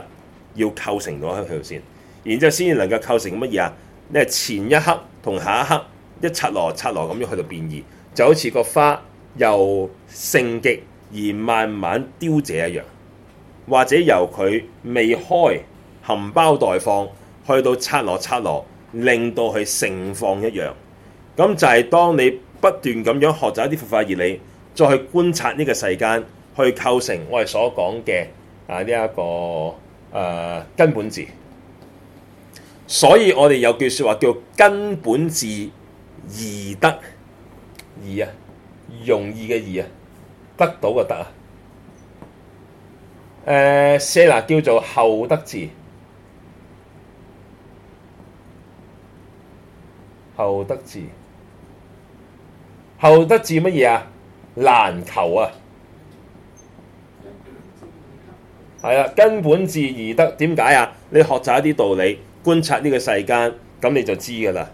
要構成到喺佢度先。然之後先至能夠構成乜嘢啊？你係前一刻同下一刻一擦落擦落咁樣去到變異，就好似個花由盛極而慢慢凋謝一樣。或者由佢未開含苞待放，去到拆落拆落，令到佢盛放一樣。咁就係當你不斷咁樣學習一啲佛法義理，再去觀察呢個世間，去構成我哋所講嘅啊呢一個、誒、根本字。所以我哋有句説話叫根本字易得，易啊，容易嘅易啊，得到嘅得啊。Uh, Sela 叫做後得智，後得智後得智乜嘢啊？難求啊，係啊，根本智易得點解啊？你學習一啲道理，觀察呢個世間，咁你就知噶啦，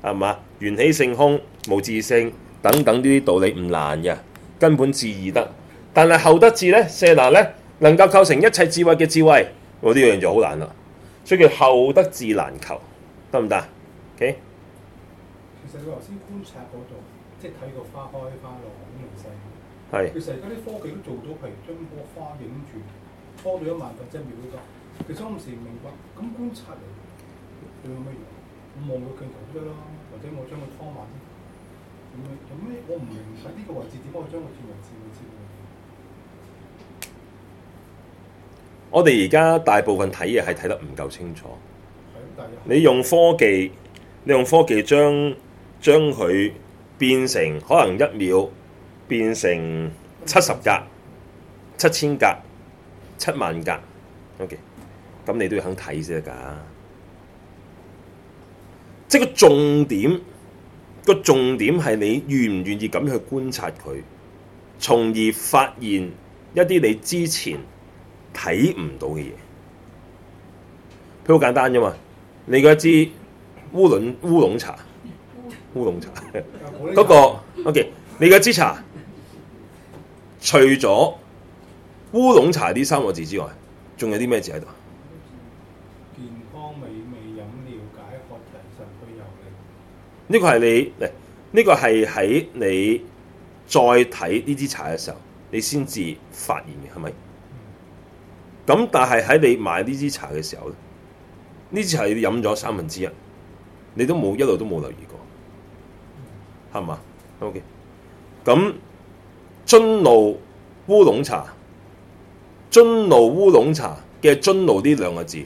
係嘛？緣起性空、冇自性等等呢啲道理唔難嘅，根本智易得，但係後得智咧，舍嗱咧。能夠構成一切智慧嘅智慧，我呢樣就好難啦，所以叫後得智難求，得唔得？其實佢頭先觀察嗰度，即係睇個花開花落好樣細嘅，係。其實而家啲科技都做到，譬如將個花影住拖咗一萬分一秒咁，其實當時唔明白，咁觀察佢有乜用？我望個鏡頭啫咯，或者我將佢拖慢咁，咁呢？我唔明呢個位置點解將佢轉位置？我哋而家大部分睇嘢係睇得唔夠清楚。你用科技，你用科技將將佢變成可能一秒變成七十格、七千格、七萬格。OK，咁你都要肯睇先得噶。即係個重點，個重點係你願唔願意咁去觀察佢，從而發現一啲你之前睇唔到嘅嘢，佢好簡單啫嘛。你嗰一支烏，烏龍茶，烏龍茶嗰、 [LAUGHS] 那個、 [LAUGHS] OK。你嘅支茶，除咗烏龍茶呢三個字之外，仲有啲咩字喺度？健康美味飲料，解渴提神，去油膩。呢個係你嚟，呢個係喺你再睇呢支茶嘅時候，你先至發現嘅係咪？咁但係喺你買呢支茶嘅時候咧，呢支茶你飲咗三分之一，你都冇一路都冇留意過，係、嗯、嘛？OK？咁尊露烏龍茶，尊露烏龍茶嘅尊露呢兩個字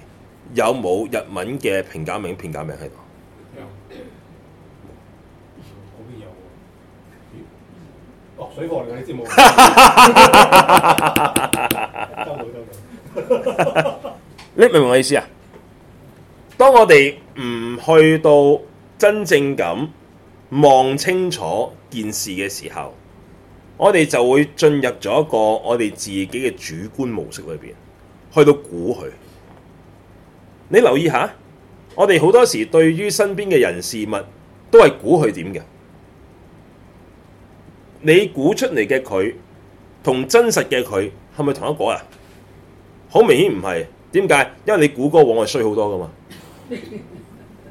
有冇日文嘅平假名、片假名喺度？有，邊有水貨嚟噶呢支 [LAUGHS] 你明唔明我意思啊？當我哋唔去到真正咁望清楚件事嘅時候，我哋就會進入咗一個我哋自己嘅主觀模式裏邊，去到估佢。你留意下，我哋好多時對於身邊嘅人事物都係估佢點嘅。你估出嚟嘅佢同真實嘅佢係咪同一個啊？好明顯唔係，點解？因為你估嗰個係衰好多噶嘛，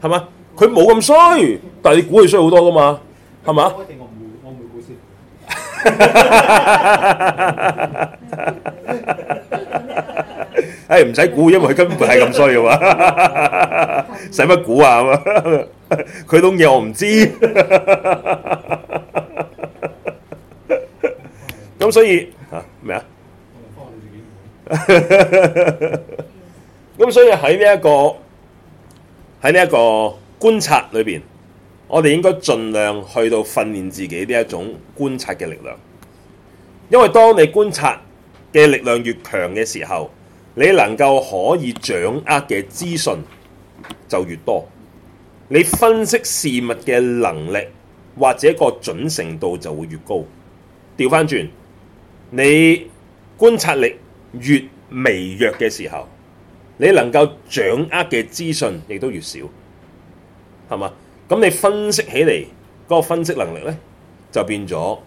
係 [LAUGHS] [LAUGHS] 嘛？佢冇咁衰，但係你估佢衰好多噶嘛，係嘛？一定我唔會，我唔會估先。誒，唔使估，因為佢根本係咁衰噶嘛，使乜估啊？佢都嘢我唔知，咁所以嚇咩啊？咁 [LAUGHS] 所以喺呢一個喺呢一個觀察裏邊，我哋應該盡量去到訓練自己呢一種觀察嘅力量。因為當你觀察嘅力量越強嘅時候，你能夠可以掌握嘅資訊就越多，你分析事物嘅能力或者個準程度就會越高。調翻轉，你觀察力。越微弱嘅時候，你能夠掌握嘅資訊亦都越少，係嘛？咁你分析起嚟嗰個分析能力呢，就變咗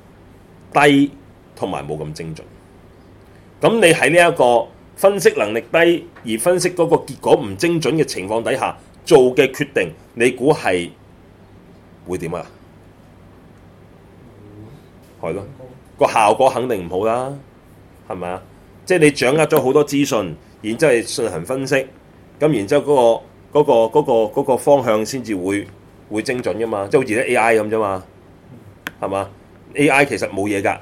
低同埋冇咁精準。咁你喺呢一個分析能力低而分析嗰個結果唔精準嘅情況底下做嘅決定，你估係會點啊？係、嗯、咯，個效果肯定唔好啦，係咪啊？即係你掌握咗好多資訊，然之後進行分析，咁然之後嗰個嗰個嗰個嗰個方向先至會會精準噶嘛？即係好似啲 AI 咁啫嘛，係嘛？AI 其實冇嘢㗎，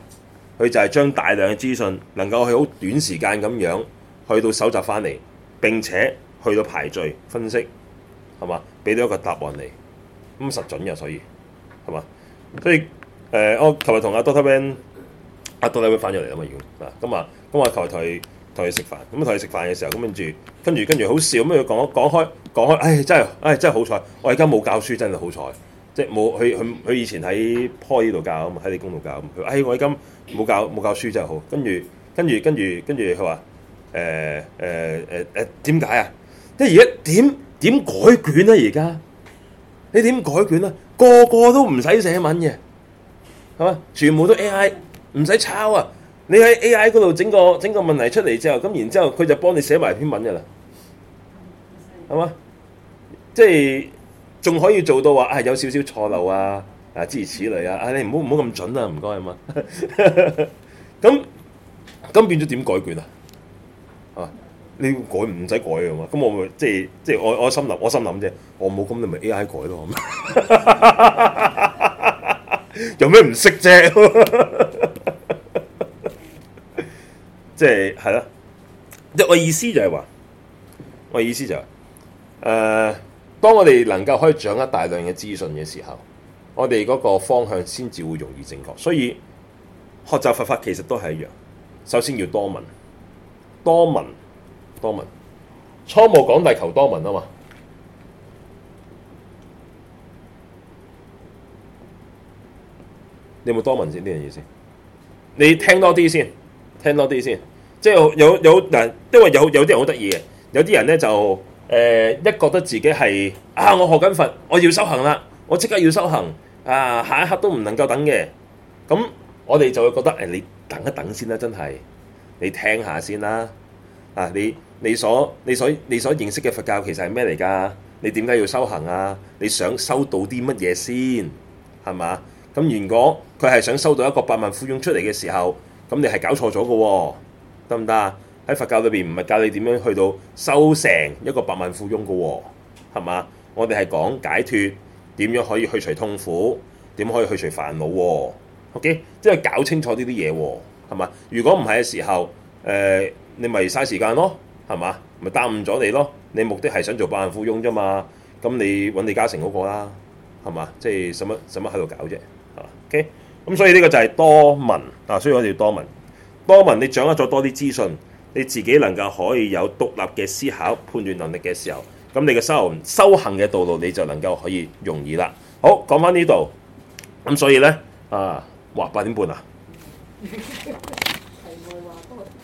佢就係將大量嘅資訊能夠去好短時間咁樣去到搜集翻嚟，並且去到排序分析，係嘛？俾到一個答案嚟，咁實準㗎，所以係嘛？所以誒，我琴日同阿 Doctor Ben。阿杜禮會返咗嚟啊嘛，已經啊咁啊咁啊，同佢同佢食飯，咁啊同佢食飯嘅時候，咁跟住跟住跟住好笑，咁啊講講開講開，唉、哎、真係唉、哎、真係好彩，我而家冇教書真係好彩，即係冇佢佢佢以前喺坡呢度教啊嘛，喺你公度教，佢唉、哎、我而家冇教冇教書真係好，跟住跟住跟住跟住佢話誒誒誒誒點解啊？即係而家點點改卷啊？而家你點改卷啊？個個都唔使寫文嘅，係嘛？全部都 AI。唔使抄啊！你喺 A I 嗰度整個整個問題出嚟之後，咁然之後佢就幫你寫埋篇文嘅啦，係、嗯、嘛？即係仲可以做到話啊，有少少錯漏啊，啊，諸如此類啊，啊，你唔好唔好咁準啊，唔該 [LAUGHS] 啊 [LAUGHS] 嘛。咁咁變咗點改卷啊？啊、就是，你改唔使改啊嘛？咁我咪即係即係我我心諗我心諗啫，我冇咁，你咪 A I 改咯。有咩唔識啫？即係係啦，我意思就係、是、話，我意思就是，誒、呃，當我哋能夠可以掌握大量嘅資訊嘅時候，我哋嗰個方向先至會容易正確。所以，學習佛法其實都係一樣，首先要多聞，多聞，多聞。初無廣大求多聞啊嘛，你有冇多聞先呢樣嘢先？你聽多啲先。聽多啲先，即係有有，嗱，因為有有啲人好得意嘅，有啲人咧就誒、呃，一覺得自己係啊，我學緊佛，我要修行啦，我即刻要修行，啊下一刻都唔能夠等嘅，咁我哋就會覺得誒、哎，你等一等先啦，真係，你聽下先啦，啊你你所你所你所認識嘅佛教其實係咩嚟㗎？你點解要修行啊？你想收到啲乜嘢先係嘛？咁如果佢係想收到一個百萬富翁出嚟嘅時候，咁你係搞錯咗嘅，得唔得啊？喺佛教裏面唔係教你點樣去到收成一個百萬富翁嘅、哦，係嘛？我哋係講解脫，點樣可以去除痛苦，點可以去除煩惱、哦？OK，即係搞清楚呢啲嘢，係嘛？如果唔係嘅時候，呃、你咪嘥時間咯，係嘛？咪耽誤咗你咯。你目的係想做百萬富翁啫嘛？咁你揾李嘉誠嗰個啦，係嘛？即係使乜使乜喺度搞啫，係嘛？OK。咁所以呢個就係多聞啊，所以我哋要多聞。多聞你掌握咗多啲資訊，你自己能夠可以有獨立嘅思考判斷能力嘅時候，咁你嘅修修行嘅道路你就能夠可以容易啦。好，講翻呢度。咁所以呢，啊，哇，八點半啊，係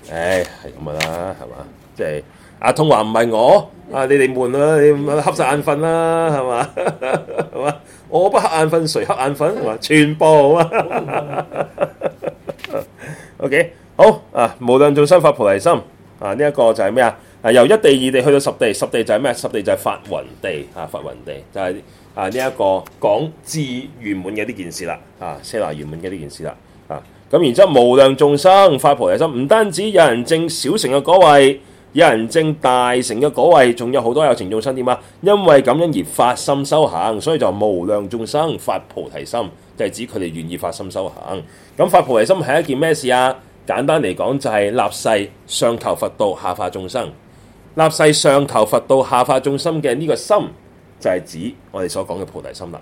咪？唉，係咁噶啦，係嘛？即係阿通話唔係我， [LAUGHS] 啊你哋悶啦，你咁樣瞌晒眼瞓啦，係嘛？係嘛？ [LAUGHS] 係嘛？我不瞌眼瞓，誰瞌眼瞓？全部啊。O K 好，哦 [LAUGHS] okay. 好啊，無量眾生發菩提心啊。呢、這、一個就係咩啊？啊，由一地、二地去到十地，十地就係咩？十地就係法雲地啊。法雲地就係、是、啊，呢、這、一個講至圓滿嘅呢件事啦啊，剎那圓滿嘅呢件事啦啊。咁、啊、然之後無量眾生發菩提心，唔單止有人證小城嘅嗰位。有人正大成嘅嗰位，仲有好多有情眾生添啊？因為咁樣而發心修行，所以就無量眾生發菩提心，就係、是、指佢哋願意發心修行。咁發菩提心係一件咩事啊？簡單嚟講就係立誓上求佛道，下化眾生。立誓上求佛道，下化眾生嘅呢個心就係、是、指我哋所講嘅菩提心啦。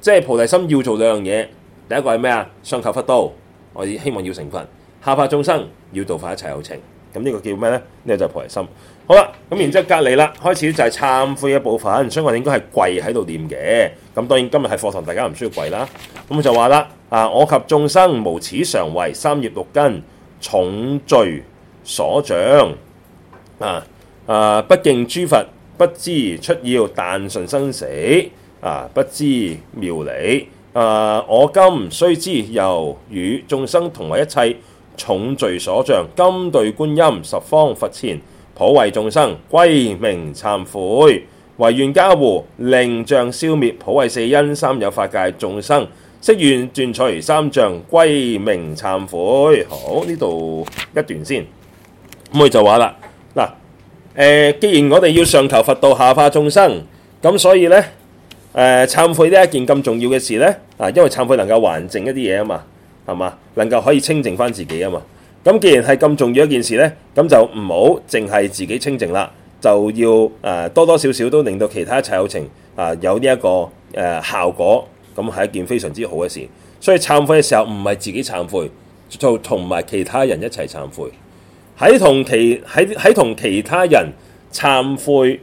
即係菩提心要做兩樣嘢，第一個係咩啊？上求佛道，我哋希望要成佛；下化眾生，要度化一切有情。咁呢個叫咩呢？呢、這個就係菩提心。好啦，咁然之後隔籬啦，開始就係懺悔嘅部分，所以我應該係跪喺度念嘅。咁當然今日喺課堂，大家唔需要跪啦。咁就話啦，啊，我及眾生無始常為，三業六根重罪所障。啊，啊，不敬諸佛，不知出要，但順生死。啊，不知妙理。啊，我今雖知，又與眾生同為一切。重罪所障，今對觀音，十方佛前，普為眾生歸命懺悔，唯願加護，令障消滅，普為四恩三有法界眾生，悉願斷除三障，歸命懺悔。好，呢度一段先。咁佢就話啦，嗱，誒，既然我哋要上求佛道，下化眾生，咁所以呢，誒，懺悔呢一件咁重要嘅事呢，啊，因為懺悔能夠還淨一啲嘢啊嘛。係嘛？能夠可以清淨返自己啊嘛！咁既然係咁重要一件事呢，咁就唔好淨係自己清淨啦，就要誒、呃、多多少少都令到其他一切有情啊、呃、有呢、這、一個誒、呃、效果。咁係一件非常之好嘅事。所以懺悔嘅時候唔係自己懺悔，就同埋其他人一齊懺悔。喺同其喺喺同其他人懺悔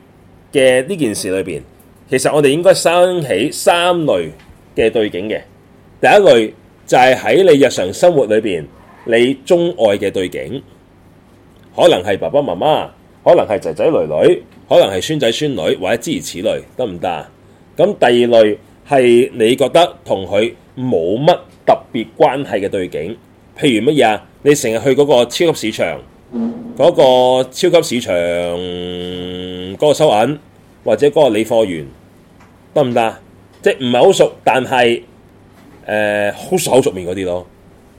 嘅呢件事裏邊，其實我哋應該生起三類嘅對景嘅第一類。就係喺你日常生活裏邊，你鍾愛嘅對境，可能係爸爸媽媽，可能係仔仔女女，可能係孫仔孫女，或者諸如此類，得唔得？咁第二類係你覺得同佢冇乜特別關係嘅對境，譬如乜嘢啊？你成日去嗰個超級市場，嗰個超級市場嗰個收銀或者嗰個理貨員，得唔得？即係唔係好熟，但係，誒、呃，好熟好熟面嗰啲咯，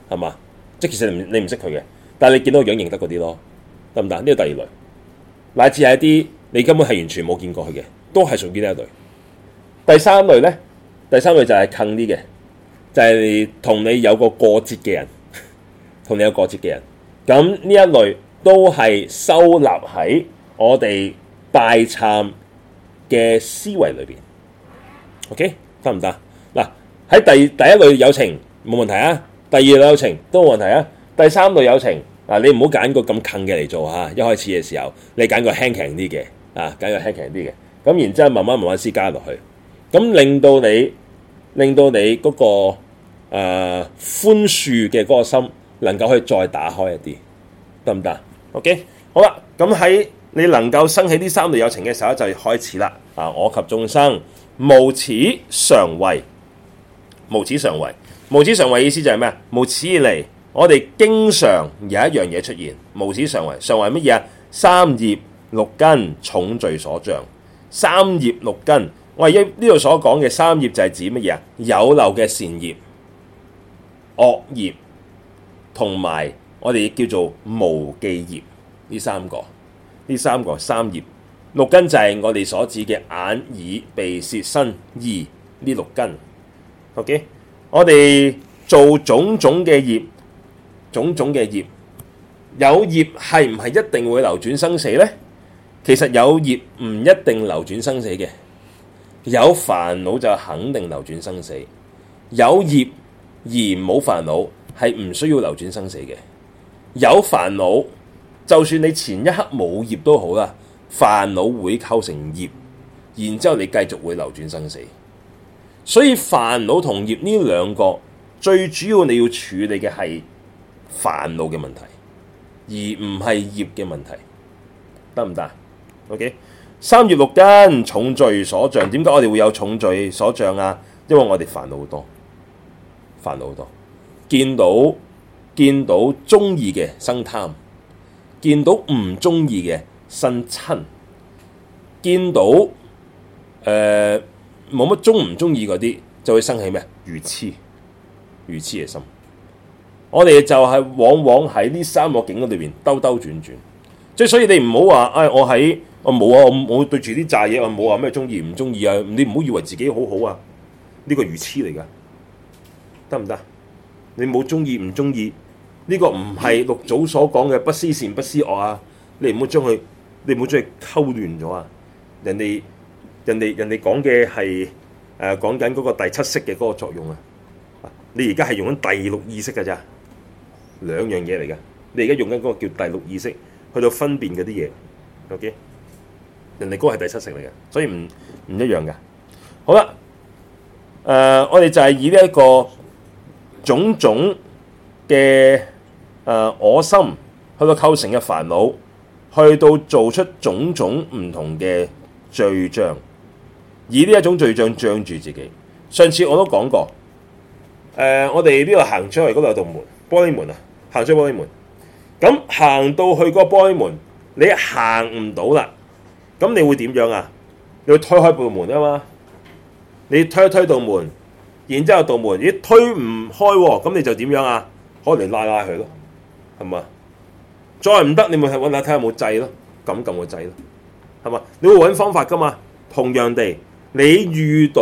係嘛？即係其實你唔識佢嘅，但係你見到個樣認得嗰啲咯，得唔得？呢個第二類，乃至係一啲你根本係完全冇見過佢嘅，都係屬於呢一類。第三類咧，第三類就係坑啲嘅，就係、是、同你有個過節嘅人，同你有過節嘅人。咁呢一類都係收納喺我哋拜懺嘅思維裏邊。OK，得唔得？喺第第一類友情冇問題啊，第二類友情都冇問題啊。第三類友情嗱、啊，你唔好揀個咁近嘅嚟做吓、啊。一開始嘅時候，你揀個輕鬆啲嘅啊，揀個輕鬆啲嘅。咁、啊、然之後慢慢慢慢先加落去，咁、啊、令到你令到你嗰、那個誒、啊、寬恕嘅嗰個心能夠去再打開一啲，得唔得？OK，好啦，咁喺你能夠生起呢三類友情嘅時候，就開始啦。啊，我及眾生無始常為。無始常為，無始常為意思就係咩啊？無始以來，我哋經常有一樣嘢出現，無始常為。常為乜嘢啊？三業六根，重罪所障。三業六根，我而家呢度所講嘅三業就係指乜嘢啊？有漏嘅善業、惡業，同埋我哋叫做無記業呢三個，呢三個三業六根就係我哋所指嘅眼耳鼻舌意、耳、鼻、舌、身、意呢六根。O.K. 我哋做種種嘅業，種種嘅業，有業係唔係一定會流轉生死呢？其實有業唔一定流轉生死嘅，有煩惱就肯定流轉生死。有業而冇煩惱係唔需要流轉生死嘅。有煩惱，就算你前一刻冇業都好啦，煩惱會構成業，然之後你繼續會流轉生死。所以煩惱同業呢兩個最主要你要處理嘅係煩惱嘅問題，而唔係業嘅問題，得唔得？OK，三業六根重罪所障，點解我哋會有重罪所障啊？因為我哋煩惱好多，煩惱好多，見到見到中意嘅生貪，見到唔中意嘅生瞋，見到誒。冇乜中唔中意嗰啲，就會生起咩啊？愚痴、愚痴嘅心。我哋就係往往喺呢三個境界裏邊兜兜轉轉。即係所以你唔好話，誒我喺我冇啊，我我，我對住啲炸嘢我冇話咩中意唔中意啊！你唔好以為自己好好啊，呢個愚痴嚟㗎，得唔得？你冇中意唔中意？呢個唔係六祖所講嘅不思善不思惡啊！你唔好將佢，你唔好將佢溝亂咗啊！人哋。人哋人哋講嘅係誒講緊嗰個第七識嘅嗰個作用啊！你而家係用緊第六意識嘅咋，兩樣嘢嚟嘅。你而家用緊嗰個叫第六意識去到分辨嗰啲嘢。OK，人哋嗰個係第七識嚟嘅，所以唔唔一樣㗎。好啦，誒、呃，我哋就係以呢一個種種嘅誒、呃、我心去到構成嘅煩惱，去到做出種種唔同嘅罪障。以呢一種罪障障住自己。上次我都講過，誒、呃，我哋呢度行出去嗰度有道門玻璃門啊，行出去玻璃門，咁行到去個玻璃門，你行唔到啦，咁你會點樣啊？你會推開道門啊嘛，你推一推道，道門，然之後道門，你推唔開，咁你就點樣啊？可能拉拉佢咯，係嘛？再唔得，你咪去揾下睇下有冇掣咯，咁撳個掣咯，係嘛？你會揾方法噶嘛，同樣地。你遇到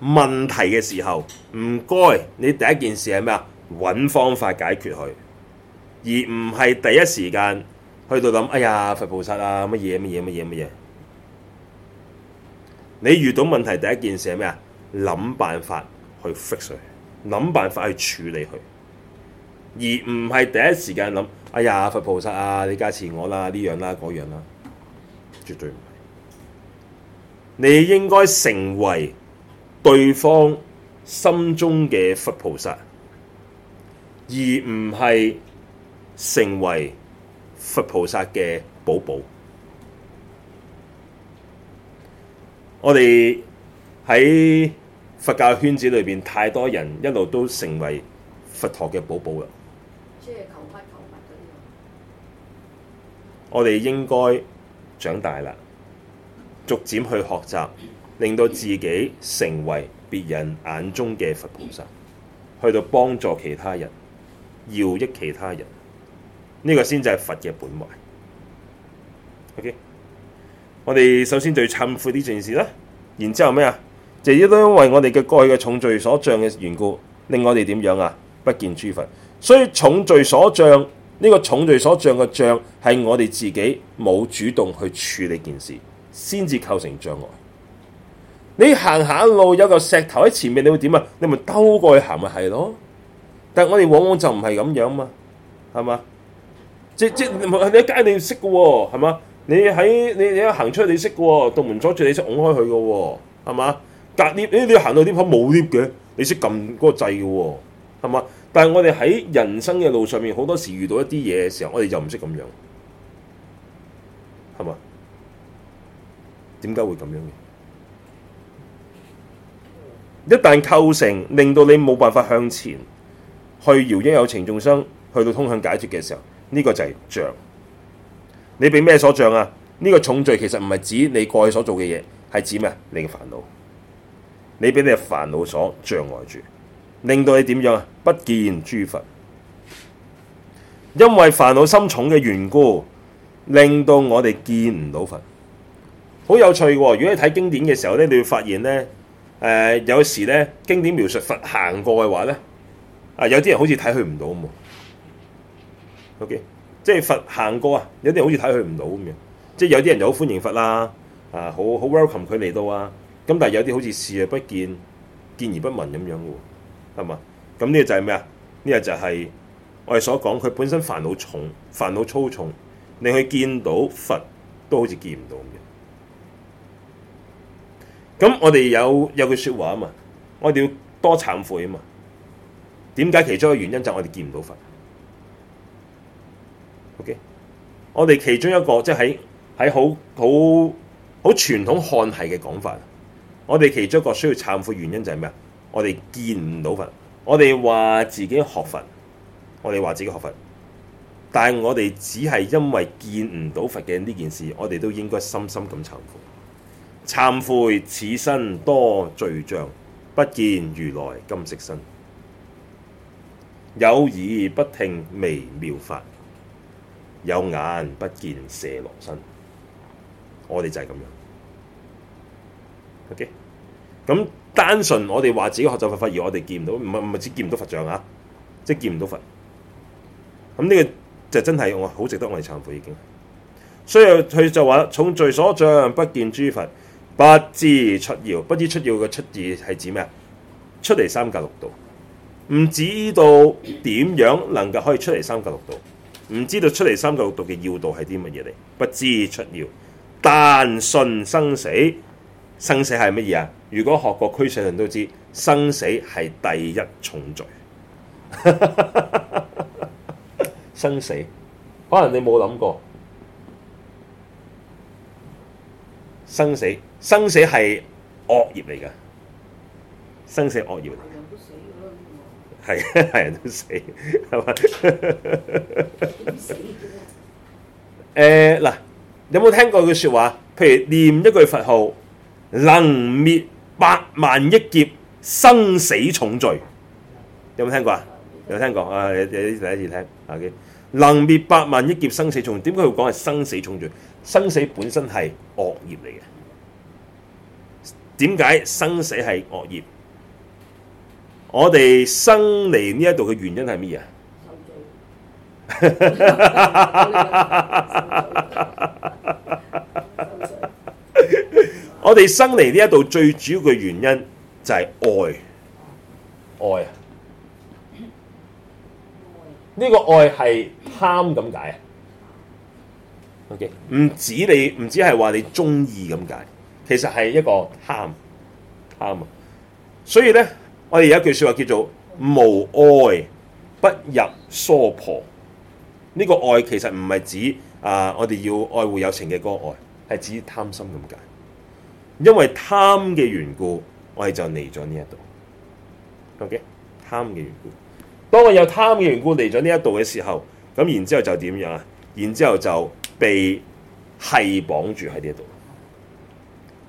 問題嘅時候，唔該，你第一件事係咩啊？揾方法解決佢，而唔係第一時間去到諗，哎呀，佛菩薩啊，乜嘢乜嘢乜嘢乜嘢。你遇到問題第一件事係咩啊？諗辦法去 fix 佢，諗辦法去處理佢，而唔係第一時間諗，哎呀，佛菩薩啊，你加持我啦，呢樣啦，嗰樣啦，絕對唔你應該成為對方心中嘅佛菩薩，而唔係成為佛菩薩嘅寶寶。我哋喺佛教圈子裏邊，太多人一路都成為佛陀嘅寶寶啦。我哋應該長大啦。逐漸去學習，令到自己成為別人眼中嘅佛菩薩，去到幫助其他人，饒益其他人，呢個先至係佛嘅本懷。O.K. 我哋首先就要懺悔呢件事啦，然之後咩啊？就因為我哋嘅過去嘅重罪所障嘅緣故，令我哋點樣啊？不見諸佛，所以重罪所障，呢個重罪所障嘅障係我哋自己冇主動去處理件事。先至構成障礙你。你行下路有嚿石頭喺前面，你會點啊？你咪兜過去行咪係咯。但係我哋往往就唔係咁樣嘛，係嘛？即即你喺街你要識嘅喎，係嘛？你喺你你行出去你識嘅喎，道門阻住你識㧬開佢嘅喎，係嘛？隔 𨋢 你行到啲鋪冇 𨋢 嘅，你識撳嗰個掣嘅喎，係嘛？但係我哋喺人生嘅路上面，好多時遇到一啲嘢嘅時候，我哋就唔識咁樣，係嘛？點解會咁樣嘅？一旦構成，令到你冇辦法向前去饒益有情眾生，去到通向解脱嘅時候，呢個就係障。你俾咩所障啊？呢個重罪其實唔係指你過去所做嘅嘢，係指咩？你嘅煩惱，你俾你嘅煩惱所障礙住，令到你點樣啊？不見諸佛，因為煩惱深重嘅緣故，令到我哋見唔到佛。好有趣嘅，如果你睇經典嘅時候咧，你會發現咧，誒、呃，有時咧，經典描述佛行過嘅話咧、okay?，啊，有啲人好似睇佢唔到咁。O K，即係佛行過啊，有啲人好似睇佢唔到咁樣，即係有啲人就好歡迎佛啦，啊，好好 welcome 佢嚟到啊。咁但係有啲好似視而不見，見而不聞咁樣嘅，係嘛？咁呢個就係咩啊？呢、這個就係我哋所講，佢本身煩惱重，煩惱粗重，你去見到佛都好似見唔到咁樣。咁我哋有有句說話啊嘛，我哋要多懺悔啊嘛。點解其中一個嘅原因就係我哋見唔到佛？OK，我哋其中一個即係喺喺好好好傳統漢系嘅講法，我哋其中一個需要懺悔原因就係咩？我哋見唔到佛，我哋話自己學佛，我哋話自己學佛，但係我哋只係因為見唔到佛嘅呢件事，我哋都應該深深咁懺悔。懺悔此身多罪障，不見如來金色身。有耳不聽微妙法，有眼不見舍那身。我哋就係咁樣，ok。咁單純，我哋話自己學習佛法而我哋見唔到，唔係唔係只見唔到佛像啊，即係見唔到佛。咁呢個就真係我好值得我哋懺悔已經。所以佢就話：重罪所障，不見諸佛。不知出要，不知出要嘅出字係指咩啊？出嚟三界六道，唔知道點樣能夠可以出嚟三界六道。唔知道出嚟三界六道嘅要道係啲乜嘢嚟？不知出要，但信生死，生死係乜嘢啊？如果學過趨世人都知，生死係第一重罪。 [LAUGHS] 生死，可能你冇諗過生死。生死係惡業嚟噶，生死惡業。係係人都死係嘛？誒嗱，有冇聽過句説話？譬如唸一句佛號，能滅百萬億劫生死重罪，有冇聽過啊？有聽過啊？有啲第一次聽。O K，能滅百萬億劫生死重罪，點解佢會講係生死重罪？生死本身係惡業嚟嘅。點解生死係惡業？我哋生嚟呢一度嘅原因係乜嘢？ [LAUGHS] 我哋生嚟呢一度最主要嘅原因就係愛，愛啊！呢個愛係貪咁解啊？OK，唔止你，唔止係話你中意咁解。其實係一個貪，貪啊！所以咧，我哋有一句說話叫做無愛不入娑婆。呢、這個愛其實唔係指啊、呃，我哋要愛護有情嘅嗰個愛，係指貪心咁解。因為貪嘅緣故，我哋就嚟咗呢一度。ok，貪嘅緣故。當我有貪嘅緣故嚟咗呢一度嘅時候，咁然之後就點樣啊？然之後就被係綁住喺呢一度。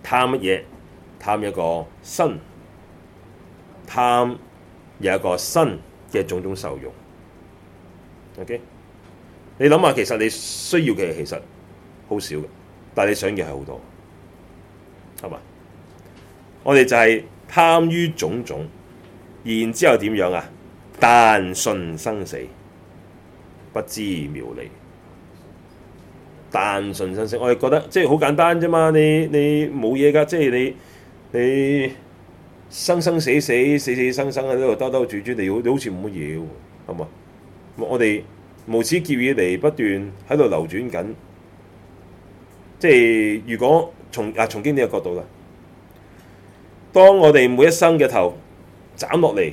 貪乜嘢？貪一個身，貪有一個身嘅種種受用。O.K. 你諗下，其實你需要嘅其實好少嘅，但係你想嘅係好多，係嘛？我哋就係貪於種種，然之後點樣啊？但信生死，不知妙理。單純生息，我係覺得即係好簡單啫嘛。你你冇嘢噶，即係你你生生死死、死死生生喺度兜兜轉轉，你好似冇乜嘢喎，係嘛？我哋無始劫以嚟不斷喺度流轉緊。即係如果從啊從經典嘅角度啦，當我哋每一生嘅頭斬落嚟，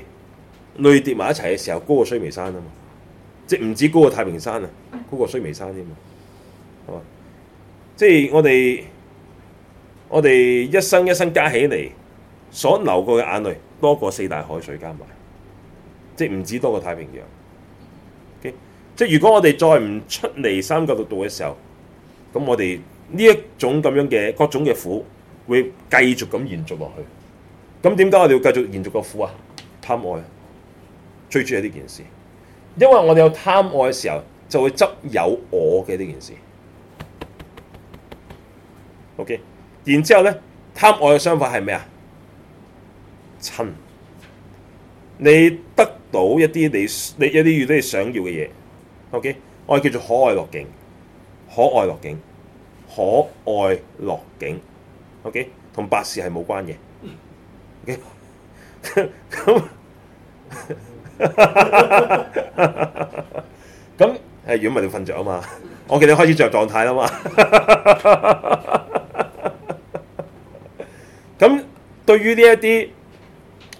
累跌埋一齊嘅時候，高過須彌山啊嘛，即係唔止高過太平山啊，高過須彌山添啊！即係我哋，我哋一生一生加起嚟所流過嘅眼淚，多過四大海水加埋，即係唔止多過太平洋。Okay? 即係如果我哋再唔出嚟三界六道嘅時候，咁我哋呢一種咁樣嘅各種嘅苦，會繼續咁延續落去。咁點解我哋要繼續延續個苦啊？貪愛啊，最主要係呢件事，因為我哋有貪愛嘅時候，就會執有我嘅呢件事。O、okay? K，然之後咧貪愛嘅想法係咩啊？親，你得到一啲你你一啲與你，你想要嘅嘢。O、okay? K，我哋叫做可愛樂境，可愛樂境，可愛樂境。O K，同白事係冇關嘅。咁、okay? 咁、嗯，誒 [LAUGHS] [LAUGHS] [LAUGHS] [LAUGHS] [LAUGHS] [LAUGHS] [LAUGHS] 如果唔係你瞓着啊嘛。我見你開始著狀態啦嘛，咁對於呢一啲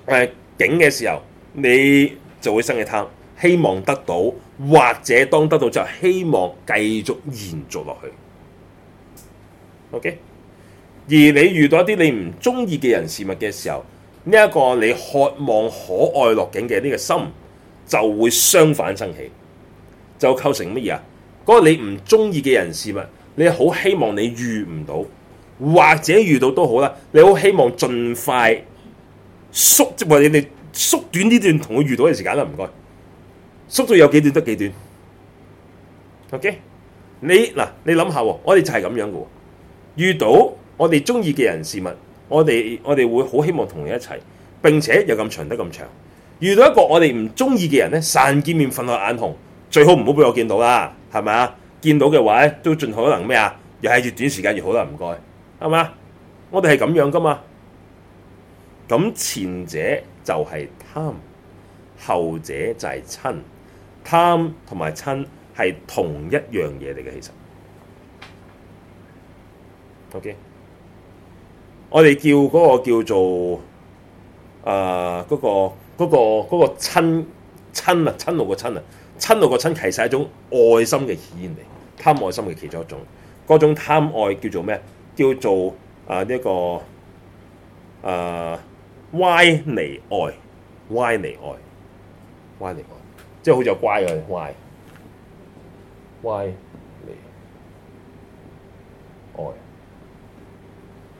誒景嘅時候，你就會生起貪，希望得到，或者當得到之後，希望繼續延續落去。OK，而你遇到一啲你唔鍾意嘅人事物嘅時候，呢一個你渴望可愛落境嘅呢個心就會相反生起，就構成乜嘢啊？如果你唔中意嘅人事物，你好希望你遇唔到，或者遇到都好啦。你好希望盡快縮，或者你縮短呢段同佢遇到嘅時間啦。唔該，縮咗有幾短得幾短。OK，你嗱，你諗下，我哋就係咁樣嘅。遇到我哋中意嘅人事物，我哋我哋會好希望同你一齊，並且又咁長得咁長。遇到一個我哋唔中意嘅人咧，散見面瞓落眼紅，最好唔好俾我見到啦。係咪啊？見到嘅話咧，都盡可能咩啊？又係越短時間越好啦，唔該。係咪？我哋係咁樣噶嘛。咁前者就係貪，後者就係親。貪同埋親係同一樣嘢嚟嘅，其實。OK，我哋叫嗰個叫做，誒、呃、嗰、嗰個嗰、嗰個親、嗰個、親親啊，親路嘅親啊。親到個親，其實係一種愛心嘅顯現嚟，貪愛心嘅其中一種。嗰種貪愛叫做咩？叫做啊呢一個啊、呃、歪嚟愛，歪嚟愛，歪嚟愛，即係好似有乖歪歪嚟愛，歪歪嚟愛。O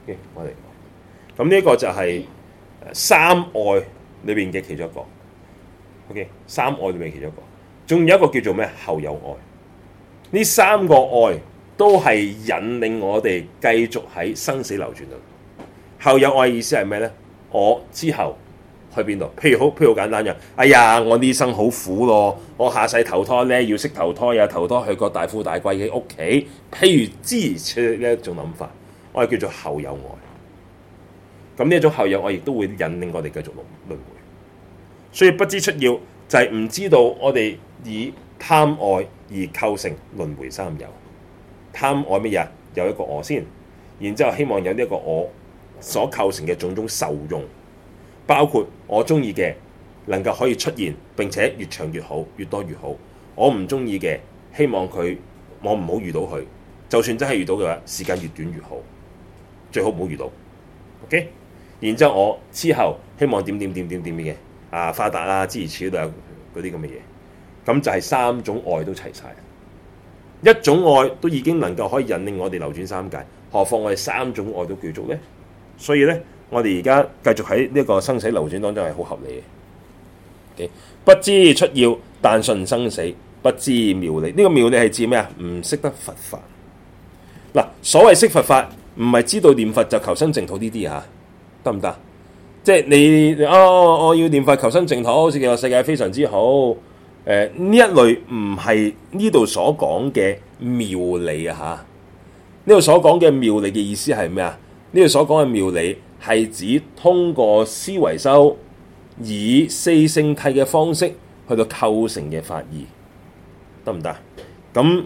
K，歪嚟愛。咁呢個就係三愛裏邊嘅其中一個。O K，三愛裏邊嘅其中一個。仲有一個叫做咩？後有愛，呢三個愛都係引領我哋繼續喺生死流轉度。後有愛意思係咩呢？我之後去邊度？譬如好譬如好簡單嘅，哎呀，我呢生好苦咯，我下世投胎呢，要識投胎，呀，投胎去個大富大貴嘅屋企。譬如之前嘅一種諗法，我哋叫做後有愛。咁呢一種後有愛，亦都會引領我哋繼續輪輪迴。所以不知出要就係唔知道我哋。以貪愛而構成輪迴三有，貪愛乜嘢？有一個我先，然之後希望有呢一個我所構成嘅種種受用，包括我中意嘅能夠可以出現，並且越長越好，越多越好。我唔中意嘅，希望佢我唔好遇到佢，就算真係遇到嘅話，時間越短越好，最好唔好遇到。OK，然之後我之後希望點點點點點嘅啊發達啦、啊，諸如此類嗰啲咁嘅嘢。那些咁就係三種愛都齊晒，一種愛都已經能夠可以引領我哋流轉三界，何況我哋三種愛都叫做呢？所以呢，我哋而家繼續喺呢一個生死流轉當中係好合理嘅。Okay? 不知出要但信生死，不知妙理。呢、這個妙理係指咩啊？唔識得佛法。嗱，所謂識佛法，唔係知道念佛就求生淨土呢啲吓，得唔得？即係你，你哦，我要念佛求生淨土，好似個世界非常之好。呢一類唔係呢度所講嘅妙理啊！嚇，呢度所講嘅妙理嘅意思係咩啊？呢度所講嘅妙理係指通過思維修，以四性契嘅方式去到構成嘅法義，得唔得？咁、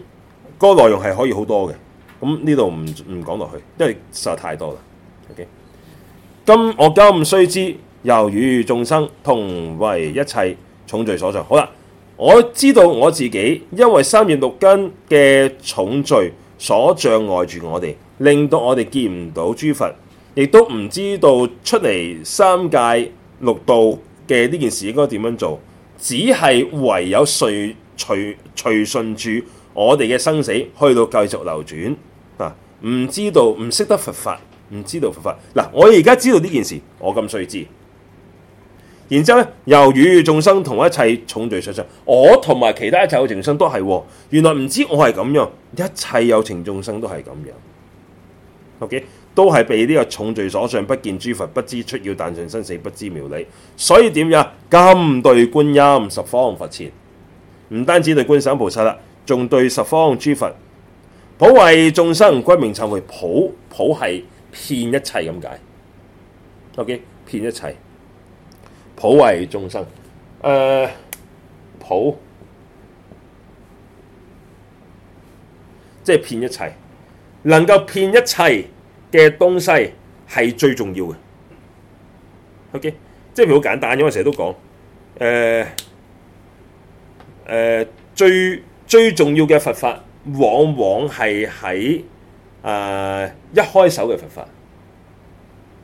那個內容係可以好多嘅，咁呢度唔唔講落去，因為實在太多啦。OK，今我今唔須知，猶與眾生同為一切重罪所障。好啦。我知道我自己，因為三業六根嘅重罪所障礙住我哋，令到我哋見唔到諸佛，亦都唔知道出嚟三界六道嘅呢件事應該點樣做，只係唯有隨隨隨順住我哋嘅生死去到繼續流轉啊！唔知道，唔識得佛法，唔知道佛法。嗱、啊，我而家知道呢件事，我咁須知。然之後咧，又與眾生同一切重罪所上，我同埋其他一切有情生都係、哦，原來唔知道我係咁樣，一切有情眾生都係咁樣。Okay，都係被呢個重罪所上，不見諸佛，不知出要但盡生死，不知妙理。所以點樣？咁對觀音十方佛前，唔單止對觀世音菩薩啦，仲對十方諸佛，普為眾生歸命尋回，普普係遍一切咁解。O K，遍一切。普為眾生，誒、呃，普，即係騙一切，能夠騙一切嘅東西係最重要嘅。OK，即係譬如好簡單，因為我成日都講，誒、呃，誒、呃，最最重要嘅佛法往往係喺啊一開手嘅佛法，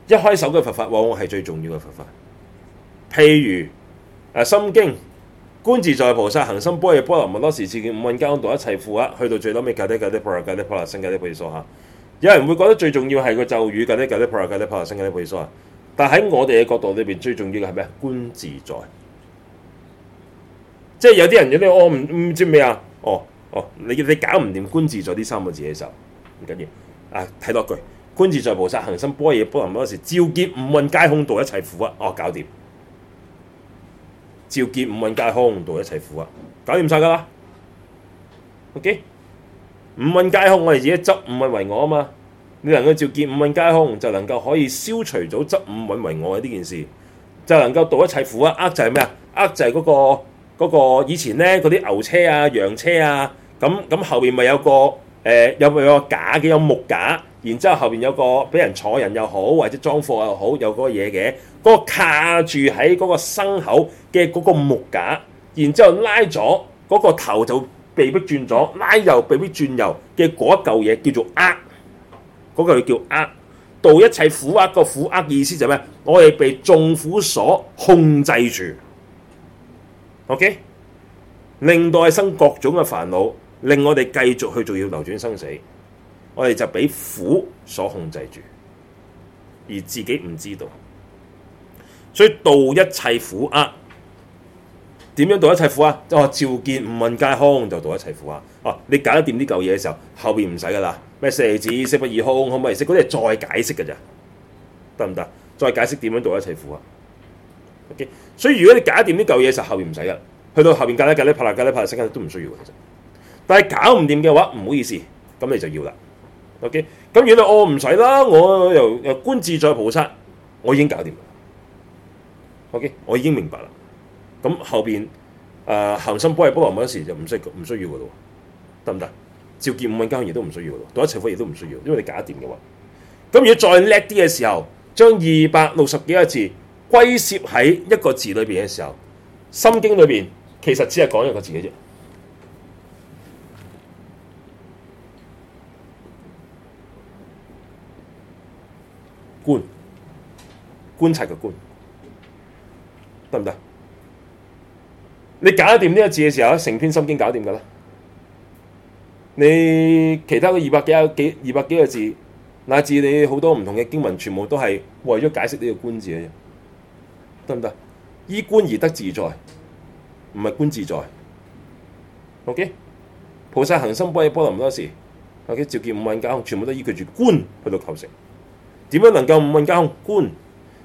一開手嘅佛法往往係最重要嘅佛法。譬如誒、啊《心經》，觀自在菩薩行深般若波羅蜜多時，照見五蘊皆空，度一切苦厄。去到最屘，咪教啲教啲菩薩，教啲菩薩，升啲菩薩。有人會覺得最重要係個咒語，教啲教啲菩薩，教啲菩薩，升啲菩薩。但喺我哋嘅角度裏邊，最重要嘅係咩？觀自在，即係有啲人有啲，我唔唔知咩啊？哦哦，你你搞唔掂觀自在呢三個字嘅時候唔緊要啊。睇多句觀自在菩薩行深般若波羅蜜多時，照見五蘊皆空，度一切苦厄。哦，搞掂。照見五蘊皆空，度一切苦厄，搞掂晒噶啦。O.K. 五蘊皆空，我哋自己執五蘊為我啊嘛。你能夠照見五蘊皆空，就能夠可以消除咗執五蘊為我嘅呢件事，就能夠度一切苦厄。呃，就係咩啊？呃、那個，就係嗰個以前咧嗰啲牛車啊、羊車啊，咁咁後邊咪有個誒、呃、有咪有，有個架嘅，有木架，然之後後邊有個俾人坐人又好，或者裝貨又好，有嗰個嘢嘅。嗰個卡住喺嗰個牲口嘅嗰個木架，然之後拉咗嗰、嗰個頭就被逼轉左，拉右被迫轉右嘅嗰嚿嘢叫做厄。嗰句叫厄，道一切苦厄。嗰個苦厄嘅意思就係咩？我哋被眾苦所控制住，OK，令到生各種嘅煩惱，令我哋繼續去仲要流轉生死。我哋就俾苦所控制住，而自己唔知道。所以度一切苦厄啊，點樣度一切苦厄啊？哦，照見五蘊皆空就度一切苦厄啊。哦、啊，你搞得掂呢嚿嘢嘅時候，後邊唔使噶啦。咩四字色不異空，空不異色，嗰啲係再解釋噶咋，得唔得？再解釋點樣度一切苦啊？O、okay? K，所以如果你搞掂呢嚿嘢，實後邊唔使啦。去到後邊，隔籬隔籬，拍下隔籬拍下，識都唔需要其實。但係搞唔掂嘅話，唔好意思，咁你就要啦。O K，咁如果我唔使啦，我又又觀自在菩薩，我已經搞掂。OK，我已經明白啦。咁後邊誒行深般若波羅蜜嗰時就唔需要唔需要嘅咯，得唔得？照見五陰交相亦都唔需要嘅，到一切法亦都唔需要，因為你解掂嘅嘛。咁如果再叻啲嘅時候，將二百六十幾個字歸攝喺一個字裏邊嘅時候，《心經》裏邊其實只係講一個字嘅啫，觀觀察嘅觀。得唔得？你搞掂呢個字嘅時候，成篇《心經》搞掂噶啦。你其他嘅二百幾啊幾二百幾個字，乃至你好多唔同嘅經文，全部都係為咗解釋呢個觀字嘅嘢，得唔得？依觀而得自在，唔係觀自在。OK，菩薩行深般若波羅蜜多時，OK，照見五蘊皆空，全部都依據住觀去到求成。點樣能夠五蘊皆空？「觀」。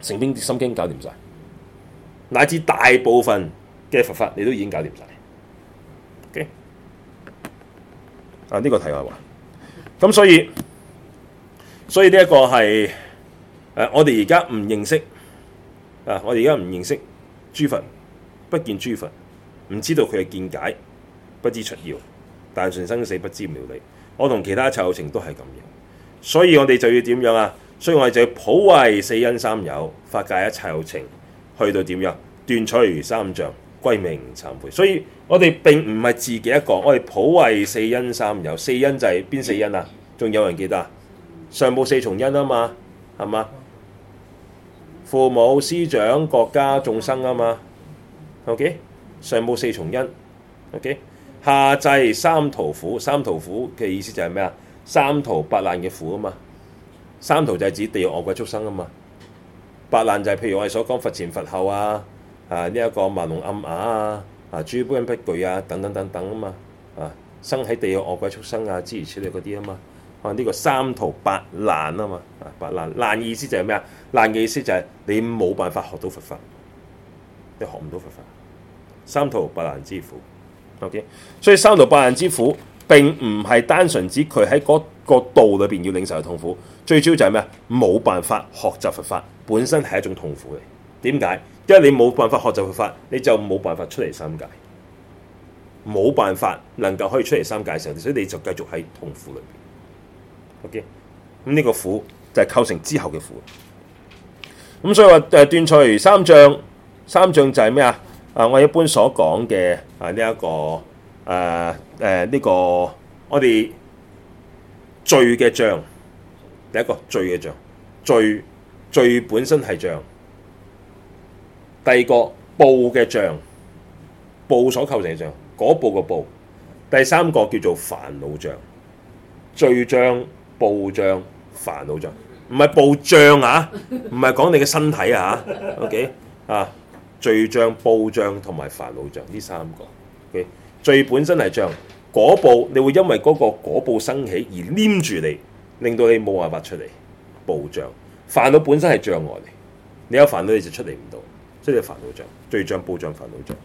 成經心經搞掂晒，乃至大部分嘅佛法你都已經搞掂晒。Okay? 啊呢、呢個題外話。咁所以，所以呢一個係，我哋而家唔認識啊！我哋而家唔認識諸、啊、佛，不見諸佛，唔知道佢嘅見解，不知出要，但順生死，不知妙理。我同其他有情都係咁樣，所以我哋就要點樣啊？所以我哋就要普為四恩三有，法界一切有情，去到點樣斷取如三障，歸命懺悔。所以我哋並唔係自己一個，我哋普為四恩三有，四恩就係邊四恩啊？仲有人記得啊？上報四重恩啊嘛，係嘛？父母、師長、國家、眾生啊嘛。OK，上報四重恩。OK，下濟三途苦。三途苦嘅意思就係咩啊？三途八難嘅苦啊嘛。三途就係指地獄、惡鬼、畜生啊嘛。八難就係譬如我哋所講佛前佛後啊，啊呢一個盲聾瘖啞啊，啊諸根不具啊，等等等等啊嘛，啊生喺地獄、惡鬼、畜生啊，諸如此類嗰啲啊嘛，啊呢個三途八難啊嘛，啊八難難意思就係咩啊？難嘅意思就係你冇辦法學到佛法，你學唔到佛法，三途八難之苦。OK，所以三途八難之苦並唔係單純指佢喺嗰個道裏邊要領受痛苦。最焦就係咩啊？冇辦法學習佛法，本身係一種痛苦嚟。點解？因為你冇辦法學習佛法，你就冇辦法出嚟三界，冇辦法能夠可以出嚟三界嘅時候，所以你就繼續喺痛苦裏邊。OK，咁呢個苦就係構成之後嘅苦。咁所以話誒斷除三障，三障就係咩啊？啊，我一般所講嘅啊呢一個，啊啊呢個誒誒呢個我哋罪嘅障，第一個罪嘅障，罪罪本身係障；第二個報嘅障，報所構成嘅障，嗰報個報。第三個叫做煩惱障，罪障、報障、煩惱障。唔係報障啊，唔係講你嘅身體啊。O K 啊，罪障、報障同埋煩惱障呢三個。O K，罪本身係障，嗰報你會因為嗰個嗰報升起而黏住你。令到你冇辦法出嚟，報障。煩惱本身係障礙嚟，你有煩惱你就出嚟唔到，所以係煩惱障，罪障、報障、煩惱障。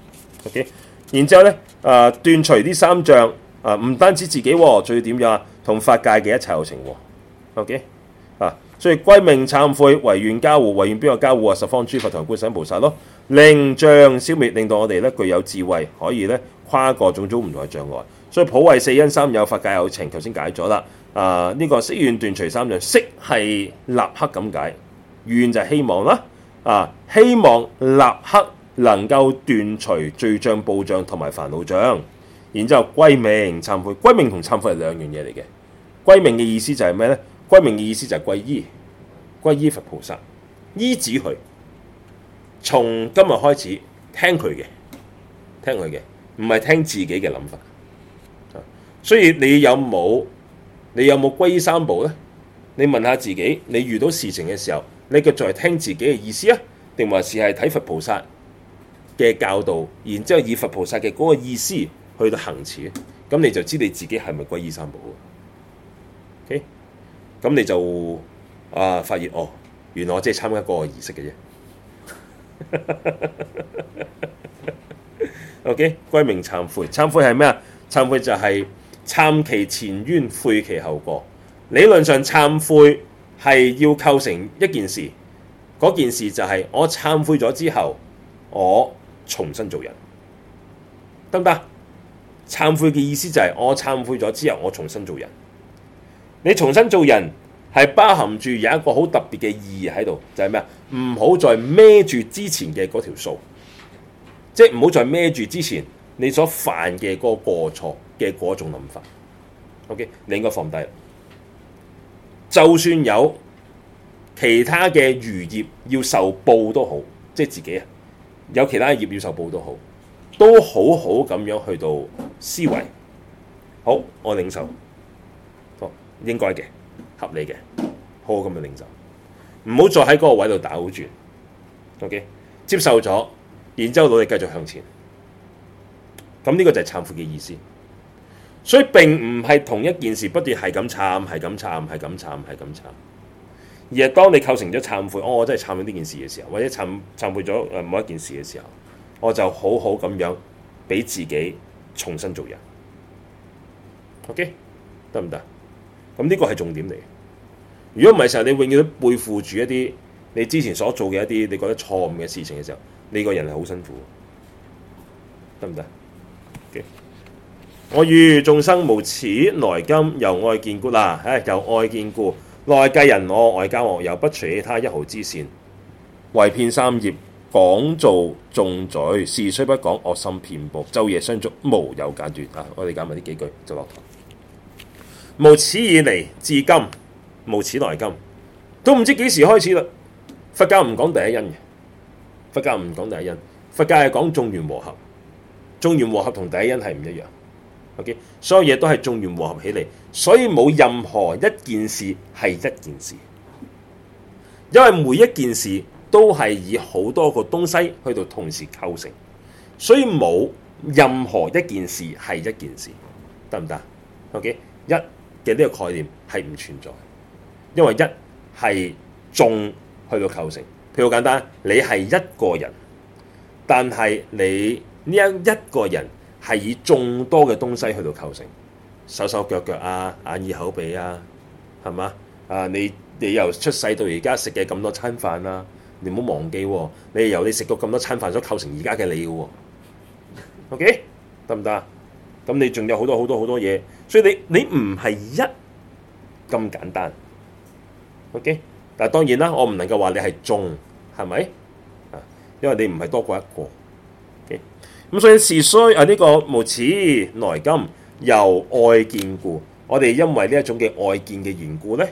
OK，然之後咧，誒、啊、斷除啲三障，誒、啊、唔單止自己喎、哦，仲要點樣啊？同法界嘅一切有情喎、哦。OK，啊，所以歸命、懺悔、唯願加護、唯願邊個加護啊？十方諸佛同觀世菩薩咯，令障消滅，令到我哋咧具有智慧，可以咧跨過種種唔同嘅障礙。所以普為四恩三有法界有情，頭先解咗啦。啊，呢、這個悉願斷除三障，悉係立刻咁解，願就希望啦。啊，希望立刻能夠斷除罪障、報障同埋煩惱障。然之後歸命懺悔，歸命同懺悔係兩樣嘢嚟嘅。歸命嘅意思就係咩呢？「歸命嘅意思就係歸依，歸依佛菩薩，依止佢。從今日開始聽佢嘅，聽佢嘅，唔係聽自己嘅諗法。所以你有冇你有冇皈依三寶呢？你問下自己，你遇到事情嘅時候，你嘅在聽自己嘅意思啊，定還是係睇佛菩薩嘅教導，然之後以佛菩薩嘅嗰個意思去到行持，咁你就知你自己係咪皈依三寶。OK，咁你就啊發現哦，原來我即係參加個儀式嘅啫。 [LAUGHS] OK，歸名懺悔，懺悔係咩啊？懺悔就係、是、～懺其前愆，悔其後過。理論上，懺悔係要構成一件事，嗰件事就係、是、我懺悔咗之後，我重新做人，得唔得？懺悔嘅意思就係、是、我懺悔咗之後，我重新做人。你重新做人係包含住有一個好特別嘅意義喺度，就係、是、咩？唔好再孭住之前嘅嗰條數，即係唔好再孭住之前你所犯嘅嗰個過錯。嘅嗰種諗法，OK，你應該放低。就算有其他嘅餘業要受報都好，即係自己啊，有其他嘅業要受報都好，都好好咁樣去到思維，好，我領受，好，應該嘅，合理嘅，好好咁樣領受，唔好再喺嗰個位度打轉。OK，接受咗，然之後努力繼續向前。咁呢個就係懺悔嘅意思。所以並唔係同一件事不斷係咁懺係咁懺係咁懺係咁懺，而係當你構成咗懺悔，我、哦、我真係懺悔呢件事嘅時候，或者懺懺悔咗誒某一件事嘅時候，我就好好咁樣俾自己重新做人。OK，得唔得？咁呢個係重點嚟。如果唔係時候，你永遠背負住一啲你之前所做嘅一啲你覺得錯誤嘅事情嘅時候，你個人係好辛苦，得唔得？我與眾生無始來今，由愛見故啦，唉由愛見故，內、哎、計人我，外交惡友，不垂他一毫之善，為騙三業講造眾罪，事雖不講，惡心遍布，晝夜相續，無有間斷。吓、啊，我哋講埋呢幾句就落堂。無始以嚟，至今，無始來今都唔知幾時開始啦。佛教唔講第一因嘅，佛教唔講第一因，佛教係講眾緣和合，眾緣和合同第一因係唔一樣。O.K.，所有嘢都係眾緣和合起嚟，所以冇任何一件事係一件事，因為每一件事都係以好多個東西去到同時構成，所以冇任何一件事係一件事，得唔得？O.K. 一嘅呢個概念係唔存在，因為一係眾去到構成。譬如好簡單，你係一個人，但係你呢一一個人。係以眾多嘅東西去到構成，手手腳腳啊、眼耳口鼻啊，係嘛？啊，你你由出世到而家食嘅咁多餐飯啊，你唔好忘記喎，你由你食過咁多餐飯所構成而家嘅你嘅喎。OK，得唔得？咁你仲有好多好多好多嘢，所以你你唔係一咁簡單。OK，但係當然啦，我唔能夠話你係眾，係咪？啊，因為你唔係多過一個。咁、嗯、所以是需啊呢、這個無始、來今、由愛見故，我哋因為呢一種嘅愛見嘅緣故呢，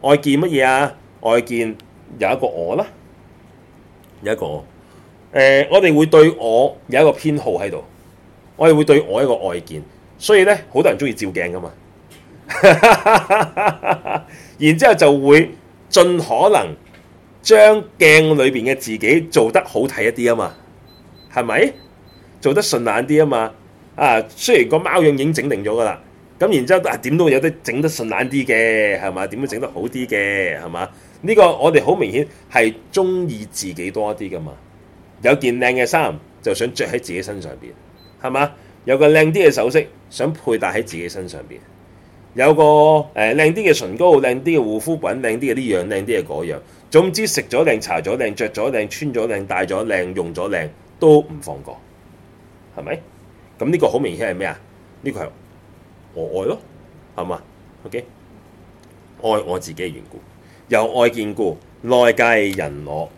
愛見乜嘢啊？愛見有一個我啦，有一個我。呃、我哋會對我有一個偏好喺度，我哋會對我一個愛見，所以呢，好多人中意照鏡噶嘛，哈哈哈哈，然之後就會盡可能將鏡裏邊嘅自己做得好睇一啲啊嘛，係咪？做得順眼啲啊嘛！啊，雖然個貓樣已經整定咗噶啦，咁然之後啊，點都有得整得順眼啲嘅，係嘛？點都整得好啲嘅，係嘛？呢個我哋好明顯係中意自己多啲噶嘛。有件靚嘅衫就想着喺自己身上邊，係嘛？有個靚啲嘅首飾想配戴喺自己身上邊，有個誒靚啲嘅唇膏、靚啲嘅護膚品、靚啲嘅呢樣、靚啲嘅嗰樣，總之食咗靚、搽咗靚、着咗靚、穿咗靚、戴咗靚、用咗靚，都唔放過。係咪？咁呢個好明顯係咩啊？呢、這個係我愛咯，係嘛？OK，愛我自己嘅緣故，由愛見故內界人我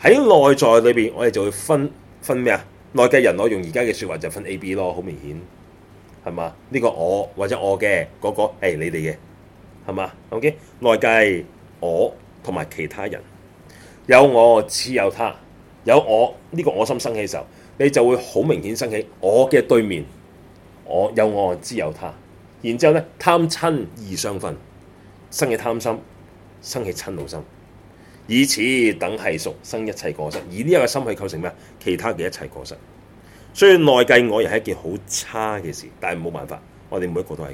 喺內在裏邊，我哋就會分分咩啊？內界人我用而家嘅說話就分 A、B 咯，好明顯係嘛？呢、這個我或者我嘅嗰、那個誒、哎，你哋嘅係嘛？OK，內界我同埋其他人有我，只有他有我呢、這個我心生起嘅時候。你就會好明顯生起，我嘅對面，我有我，只有他。然之後咧，貪親義相分，生起貪心，生起親老心，以此等係屬生一切過失。以呢一個心去構成咩？其他嘅一切過失。所以內計我人係一件好差嘅事，但係冇辦法，我哋每一個都係咁。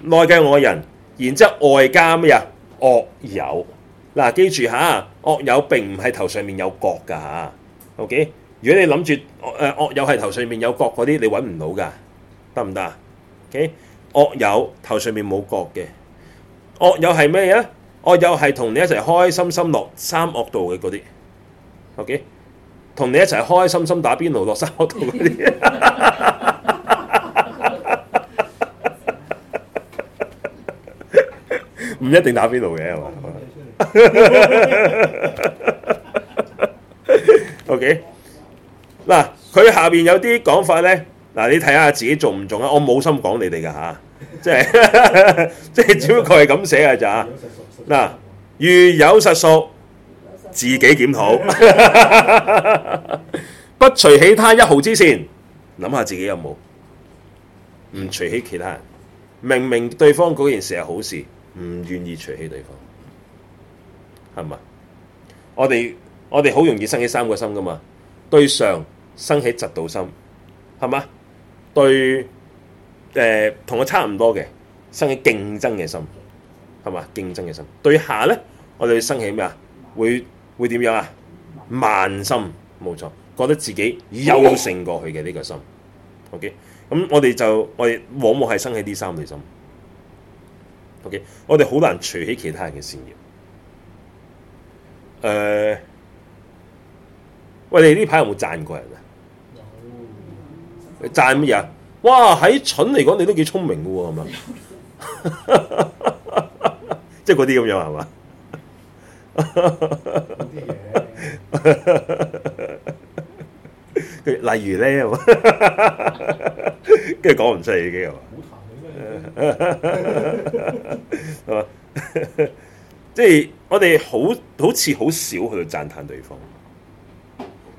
內計我人，然之後外加咩啊？惡友。嗱、啊，記住嚇，惡友並唔係頭上面有角㗎嚇。OK、啊。如果你諗住，誒，惡友係頭上面有角嗰啲，你搵唔到噶，得唔得？OK，惡友頭上面冇角嘅，惡友係咩啊？惡友係同你一齊開心心落三惡道嘅嗰啲，OK，同你一齊開心心打邊爐落三惡道嗰啲，唔一定打邊爐嘅係嘛？OK。嗱，佢下邊有啲講法咧，嗱你睇下自己做唔做啊？我冇心講你哋噶吓，即係即係只不過係咁寫嘅咋。嗱，如有實屬，自己檢討， [LAUGHS] 不隨喜他一毫之善。諗下自己有冇唔隨喜其他人？明明對方嗰件事係好事，唔願意隨喜對方，係咪？我哋我哋好容易生起三個心噶嘛，對上。生起嫉妒心，係嘛？對誒，同、呃、我差唔多嘅，生起競爭嘅心，係嘛？競爭嘅心，對下咧，我哋生起咩啊？會會點樣啊？慢心，冇錯，覺得自己優勝過去嘅呢個心。OK，咁我哋就我哋往往係生起呢三類心。OK，我哋好難除起其他人嘅善念。誒、呃，喂，你呢排有冇讚過人？讚乜嘢啊？哇喺蠢嚟講，你都幾聰明嘅係嘛？即係嗰啲咁樣係嘛？嗰啲嘢， [LAUGHS] 例如咧呢，係 [LAUGHS] 嘛？ [LAUGHS] 跟住講唔出嚟嘅係嘛？話 [LAUGHS] [LAUGHS] [LAUGHS] 好係嘛？即係我哋好好似好少去讚嘆對方。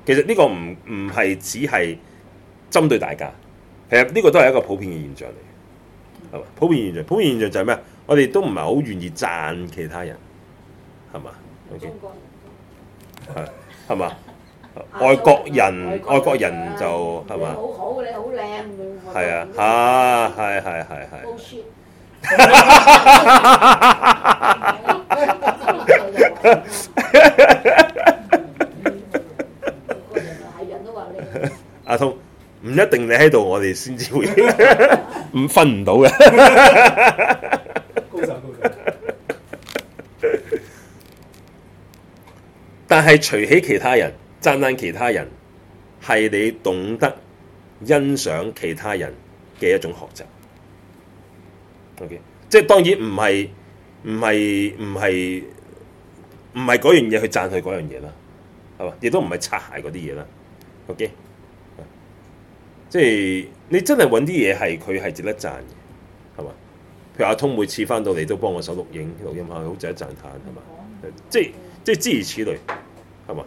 其實呢個唔唔係只係。針對大家，其實呢個都係一個普遍嘅現象嚟嘅，係嘛？普遍現象，普遍現象就係咩？我哋都唔係好願意贊其他人，係嘛？中、okay。國人係係嘛？外國人外國人，外國人就係嘛？你好好你好靚，係啊！啊，係係係係。冇、啊、雪。哈哈哈哈哈哈哈阿通唔一定你喺度，我哋先至會唔分唔到嘅。高手高人，但係除起其他人讚讚其他人，係你懂得欣賞其他人嘅一種學習。OK，即係當然唔係唔係唔係唔係嗰樣嘢去讚佢嗰樣嘢啦，係嘛？亦都唔係擦鞋嗰啲嘢啦。OK。即係你真係揾啲嘢，係佢係值得讚嘅，係嘛？譬如阿通每次翻到嚟都幫我手錄影錄音一下，好值得讚歎，係嘛？即係即係，諸如此類，係嘛？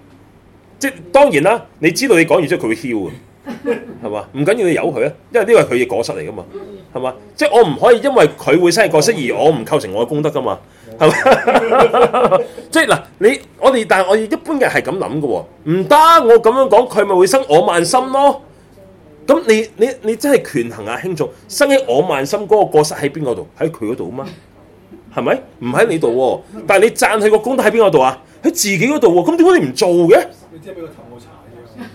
即係當然啦，你知道你講完之後佢會笑嘅，係嘛？唔 [LAUGHS] 緊要，你由佢啊，因為呢個係佢嘅果實嚟噶嘛，係嘛？ [LAUGHS] 即係我唔可以因為佢會生的角色而我唔構成我嘅功德噶嘛，係嘛？即係嗱，你我哋但係我一般人係咁諗嘅喎，唔得，我咁樣講佢咪會生我慢心咯。咁你你你真係權衡下、啊、輕重，生喺我慢心嗰個過失喺邊個度？喺佢嗰度啊嘛，係咪？唔喺你度喎。但係你贊佢個功德喺邊個度啊？喺自己嗰度喎。咁點解你唔做嘅？你係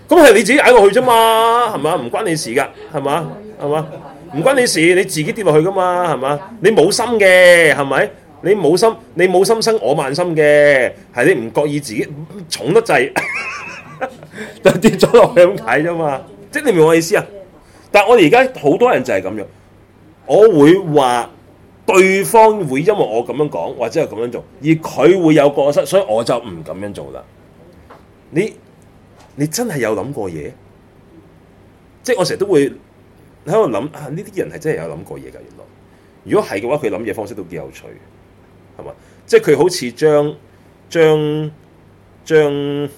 咁係你自己踩落去啫嘛，係嘛？唔關你事㗎，係嘛？係 [LAUGHS] 嘛？唔關你事，你自己跌落去㗎嘛，係嘛？你冇心嘅，係咪？你冇心，你冇心生我慢心嘅，係你唔覺意自己重得滯，就 [LAUGHS] [LAUGHS] 跌咗落去咁解啫嘛。即你明我意思啊？但係我哋而家好多人就係咁樣，我會話對方會因為我咁樣講或者係咁樣做，而佢會有過失，所以我就唔咁樣做啦。你你真係有諗過嘢？即係我成日都會喺度諗啊！呢啲人係真係有諗過嘢噶，原來如果係嘅話，佢諗嘢方式都幾有趣，係嘛？即係佢好似將將將。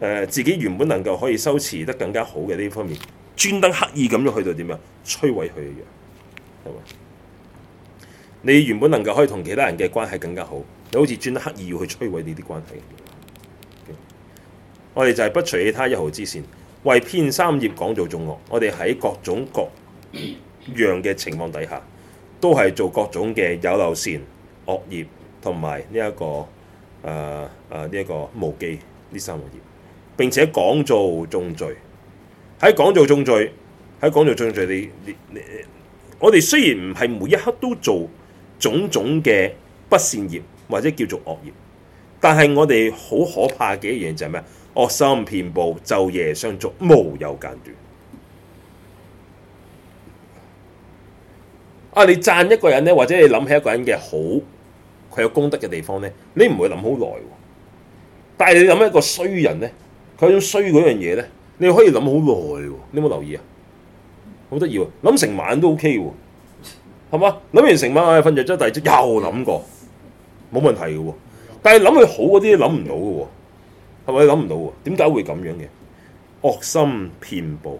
呃、自己原本能夠可以修持得更加好嘅呢方面，專登刻意咁樣去到點啊？摧毀佢一樣，你原本能夠可以同其他人嘅關係更加好，你好似專登刻意要去摧毀呢啲關係。我哋就係不隨他一毫之善，為遍三業講做眾惡。我哋喺各種各樣嘅情況底下，都係做各種嘅有漏善惡業同埋呢一個呢一、呃啊呢個無記呢三個業。並且講做重罪，喺講做重罪，喺講做重罪。你你你，我哋雖然唔係每一刻都做種種嘅不善業或者叫做惡業，但係我哋好可怕嘅一樣嘢就係咩？惡心遍佈，晝夜相續，無有間斷。啊！你讚一個人咧，或者你諗起一個人嘅好，佢有功德嘅地方咧，你唔會諗好耐。但係你諗起一個衰人咧？佢係一種衰嗰樣嘢咧，你可以諗好耐喎，你有冇留意啊？好得意喎，諗成晚都 OK 喎，係嘛？諗完成晚，我係瞓著咗，第二朝又諗過，冇問題嘅喎。但係諗佢好嗰啲諗唔到嘅喎，係咪諗唔到的？點解會咁樣嘅？惡心遍佈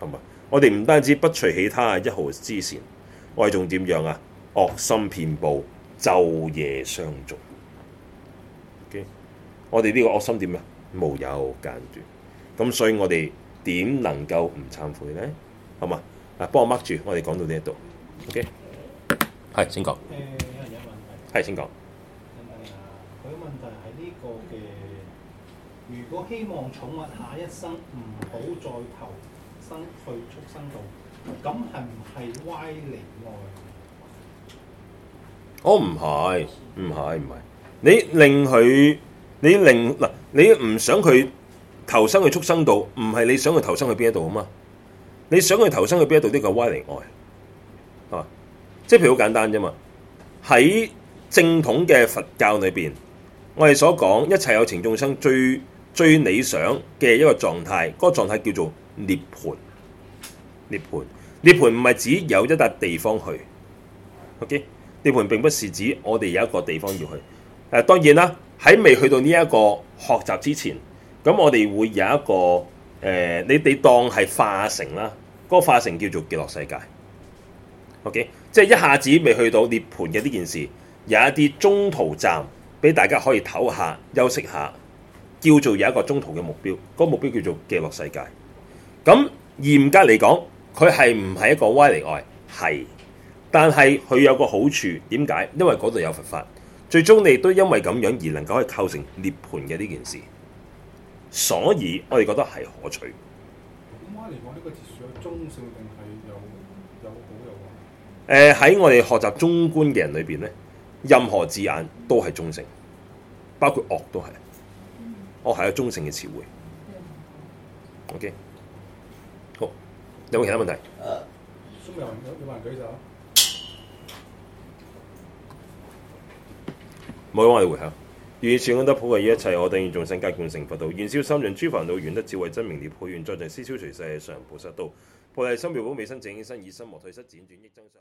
係咪？我哋唔單止不隨喜他一毫之善，我哋仲點樣啊？惡心遍佈，晝夜相續。嘅、okay，我哋呢個惡心點啊？無有間斷，咁所以我哋點能夠唔懺悔呢？好嘛？啊，幫我 mark 住，我哋講到呢一度。OK，係先講。係先講。問題係呢個嘅，如果希望寵物下一生唔好再投生去畜生道，咁係唔係歪理哦？我唔係，唔係，唔係，你令佢。你令嗱，你唔想佢投生去畜生道，唔係你想佢投生去邊一度啊嘛，你想佢投生去邊一度？呢、這個歪理嚟㗎啊，即係譬如好簡單啫嘛。喺正統嘅佛教裏邊，我哋所講一切有情眾生最最理想嘅一個狀態，嗰、那個狀態叫做涅槃。涅槃，涅槃唔係指有一笪地方去。OK，涅槃並不是指我哋有一個地方要去。誒、啊，當然啦。喺未去到呢一個學習之前，咁我哋會有一個誒、呃，你哋當係化城啦，嗰、那個化城叫做極樂世界。OK，即係一下子未去到涅槃嘅呢件事，有一啲中途站俾大家可以唞下、休息下，叫做有一個中途嘅目標。嗰、那個目標叫做極樂世界。咁嚴格嚟講，佢係唔係一個歪理外？係，但係佢有一個好處，點解？因為嗰度有佛法。最終你都因為咁樣而能夠去以構成涅槃嘅呢件事，所以我哋覺得係可取。從咁嚟講，呢個字算中性定係有有好有惡？誒，喺我哋學習中觀嘅人裏邊咧，任何字眼都係中性，包括惡都係，哦係啊，中性嘅詞彙。O、okay? K，好，有冇其他問題？你你冇位，我哋回向，願以此功德普及於一切，我等願眾生皆共成佛道。願消三障諸煩惱，願得智慧真明了。普願罪障悉消除，世世常行菩薩道，菩提心妙寶未生令生起，已生勿退失，輾轉益增上。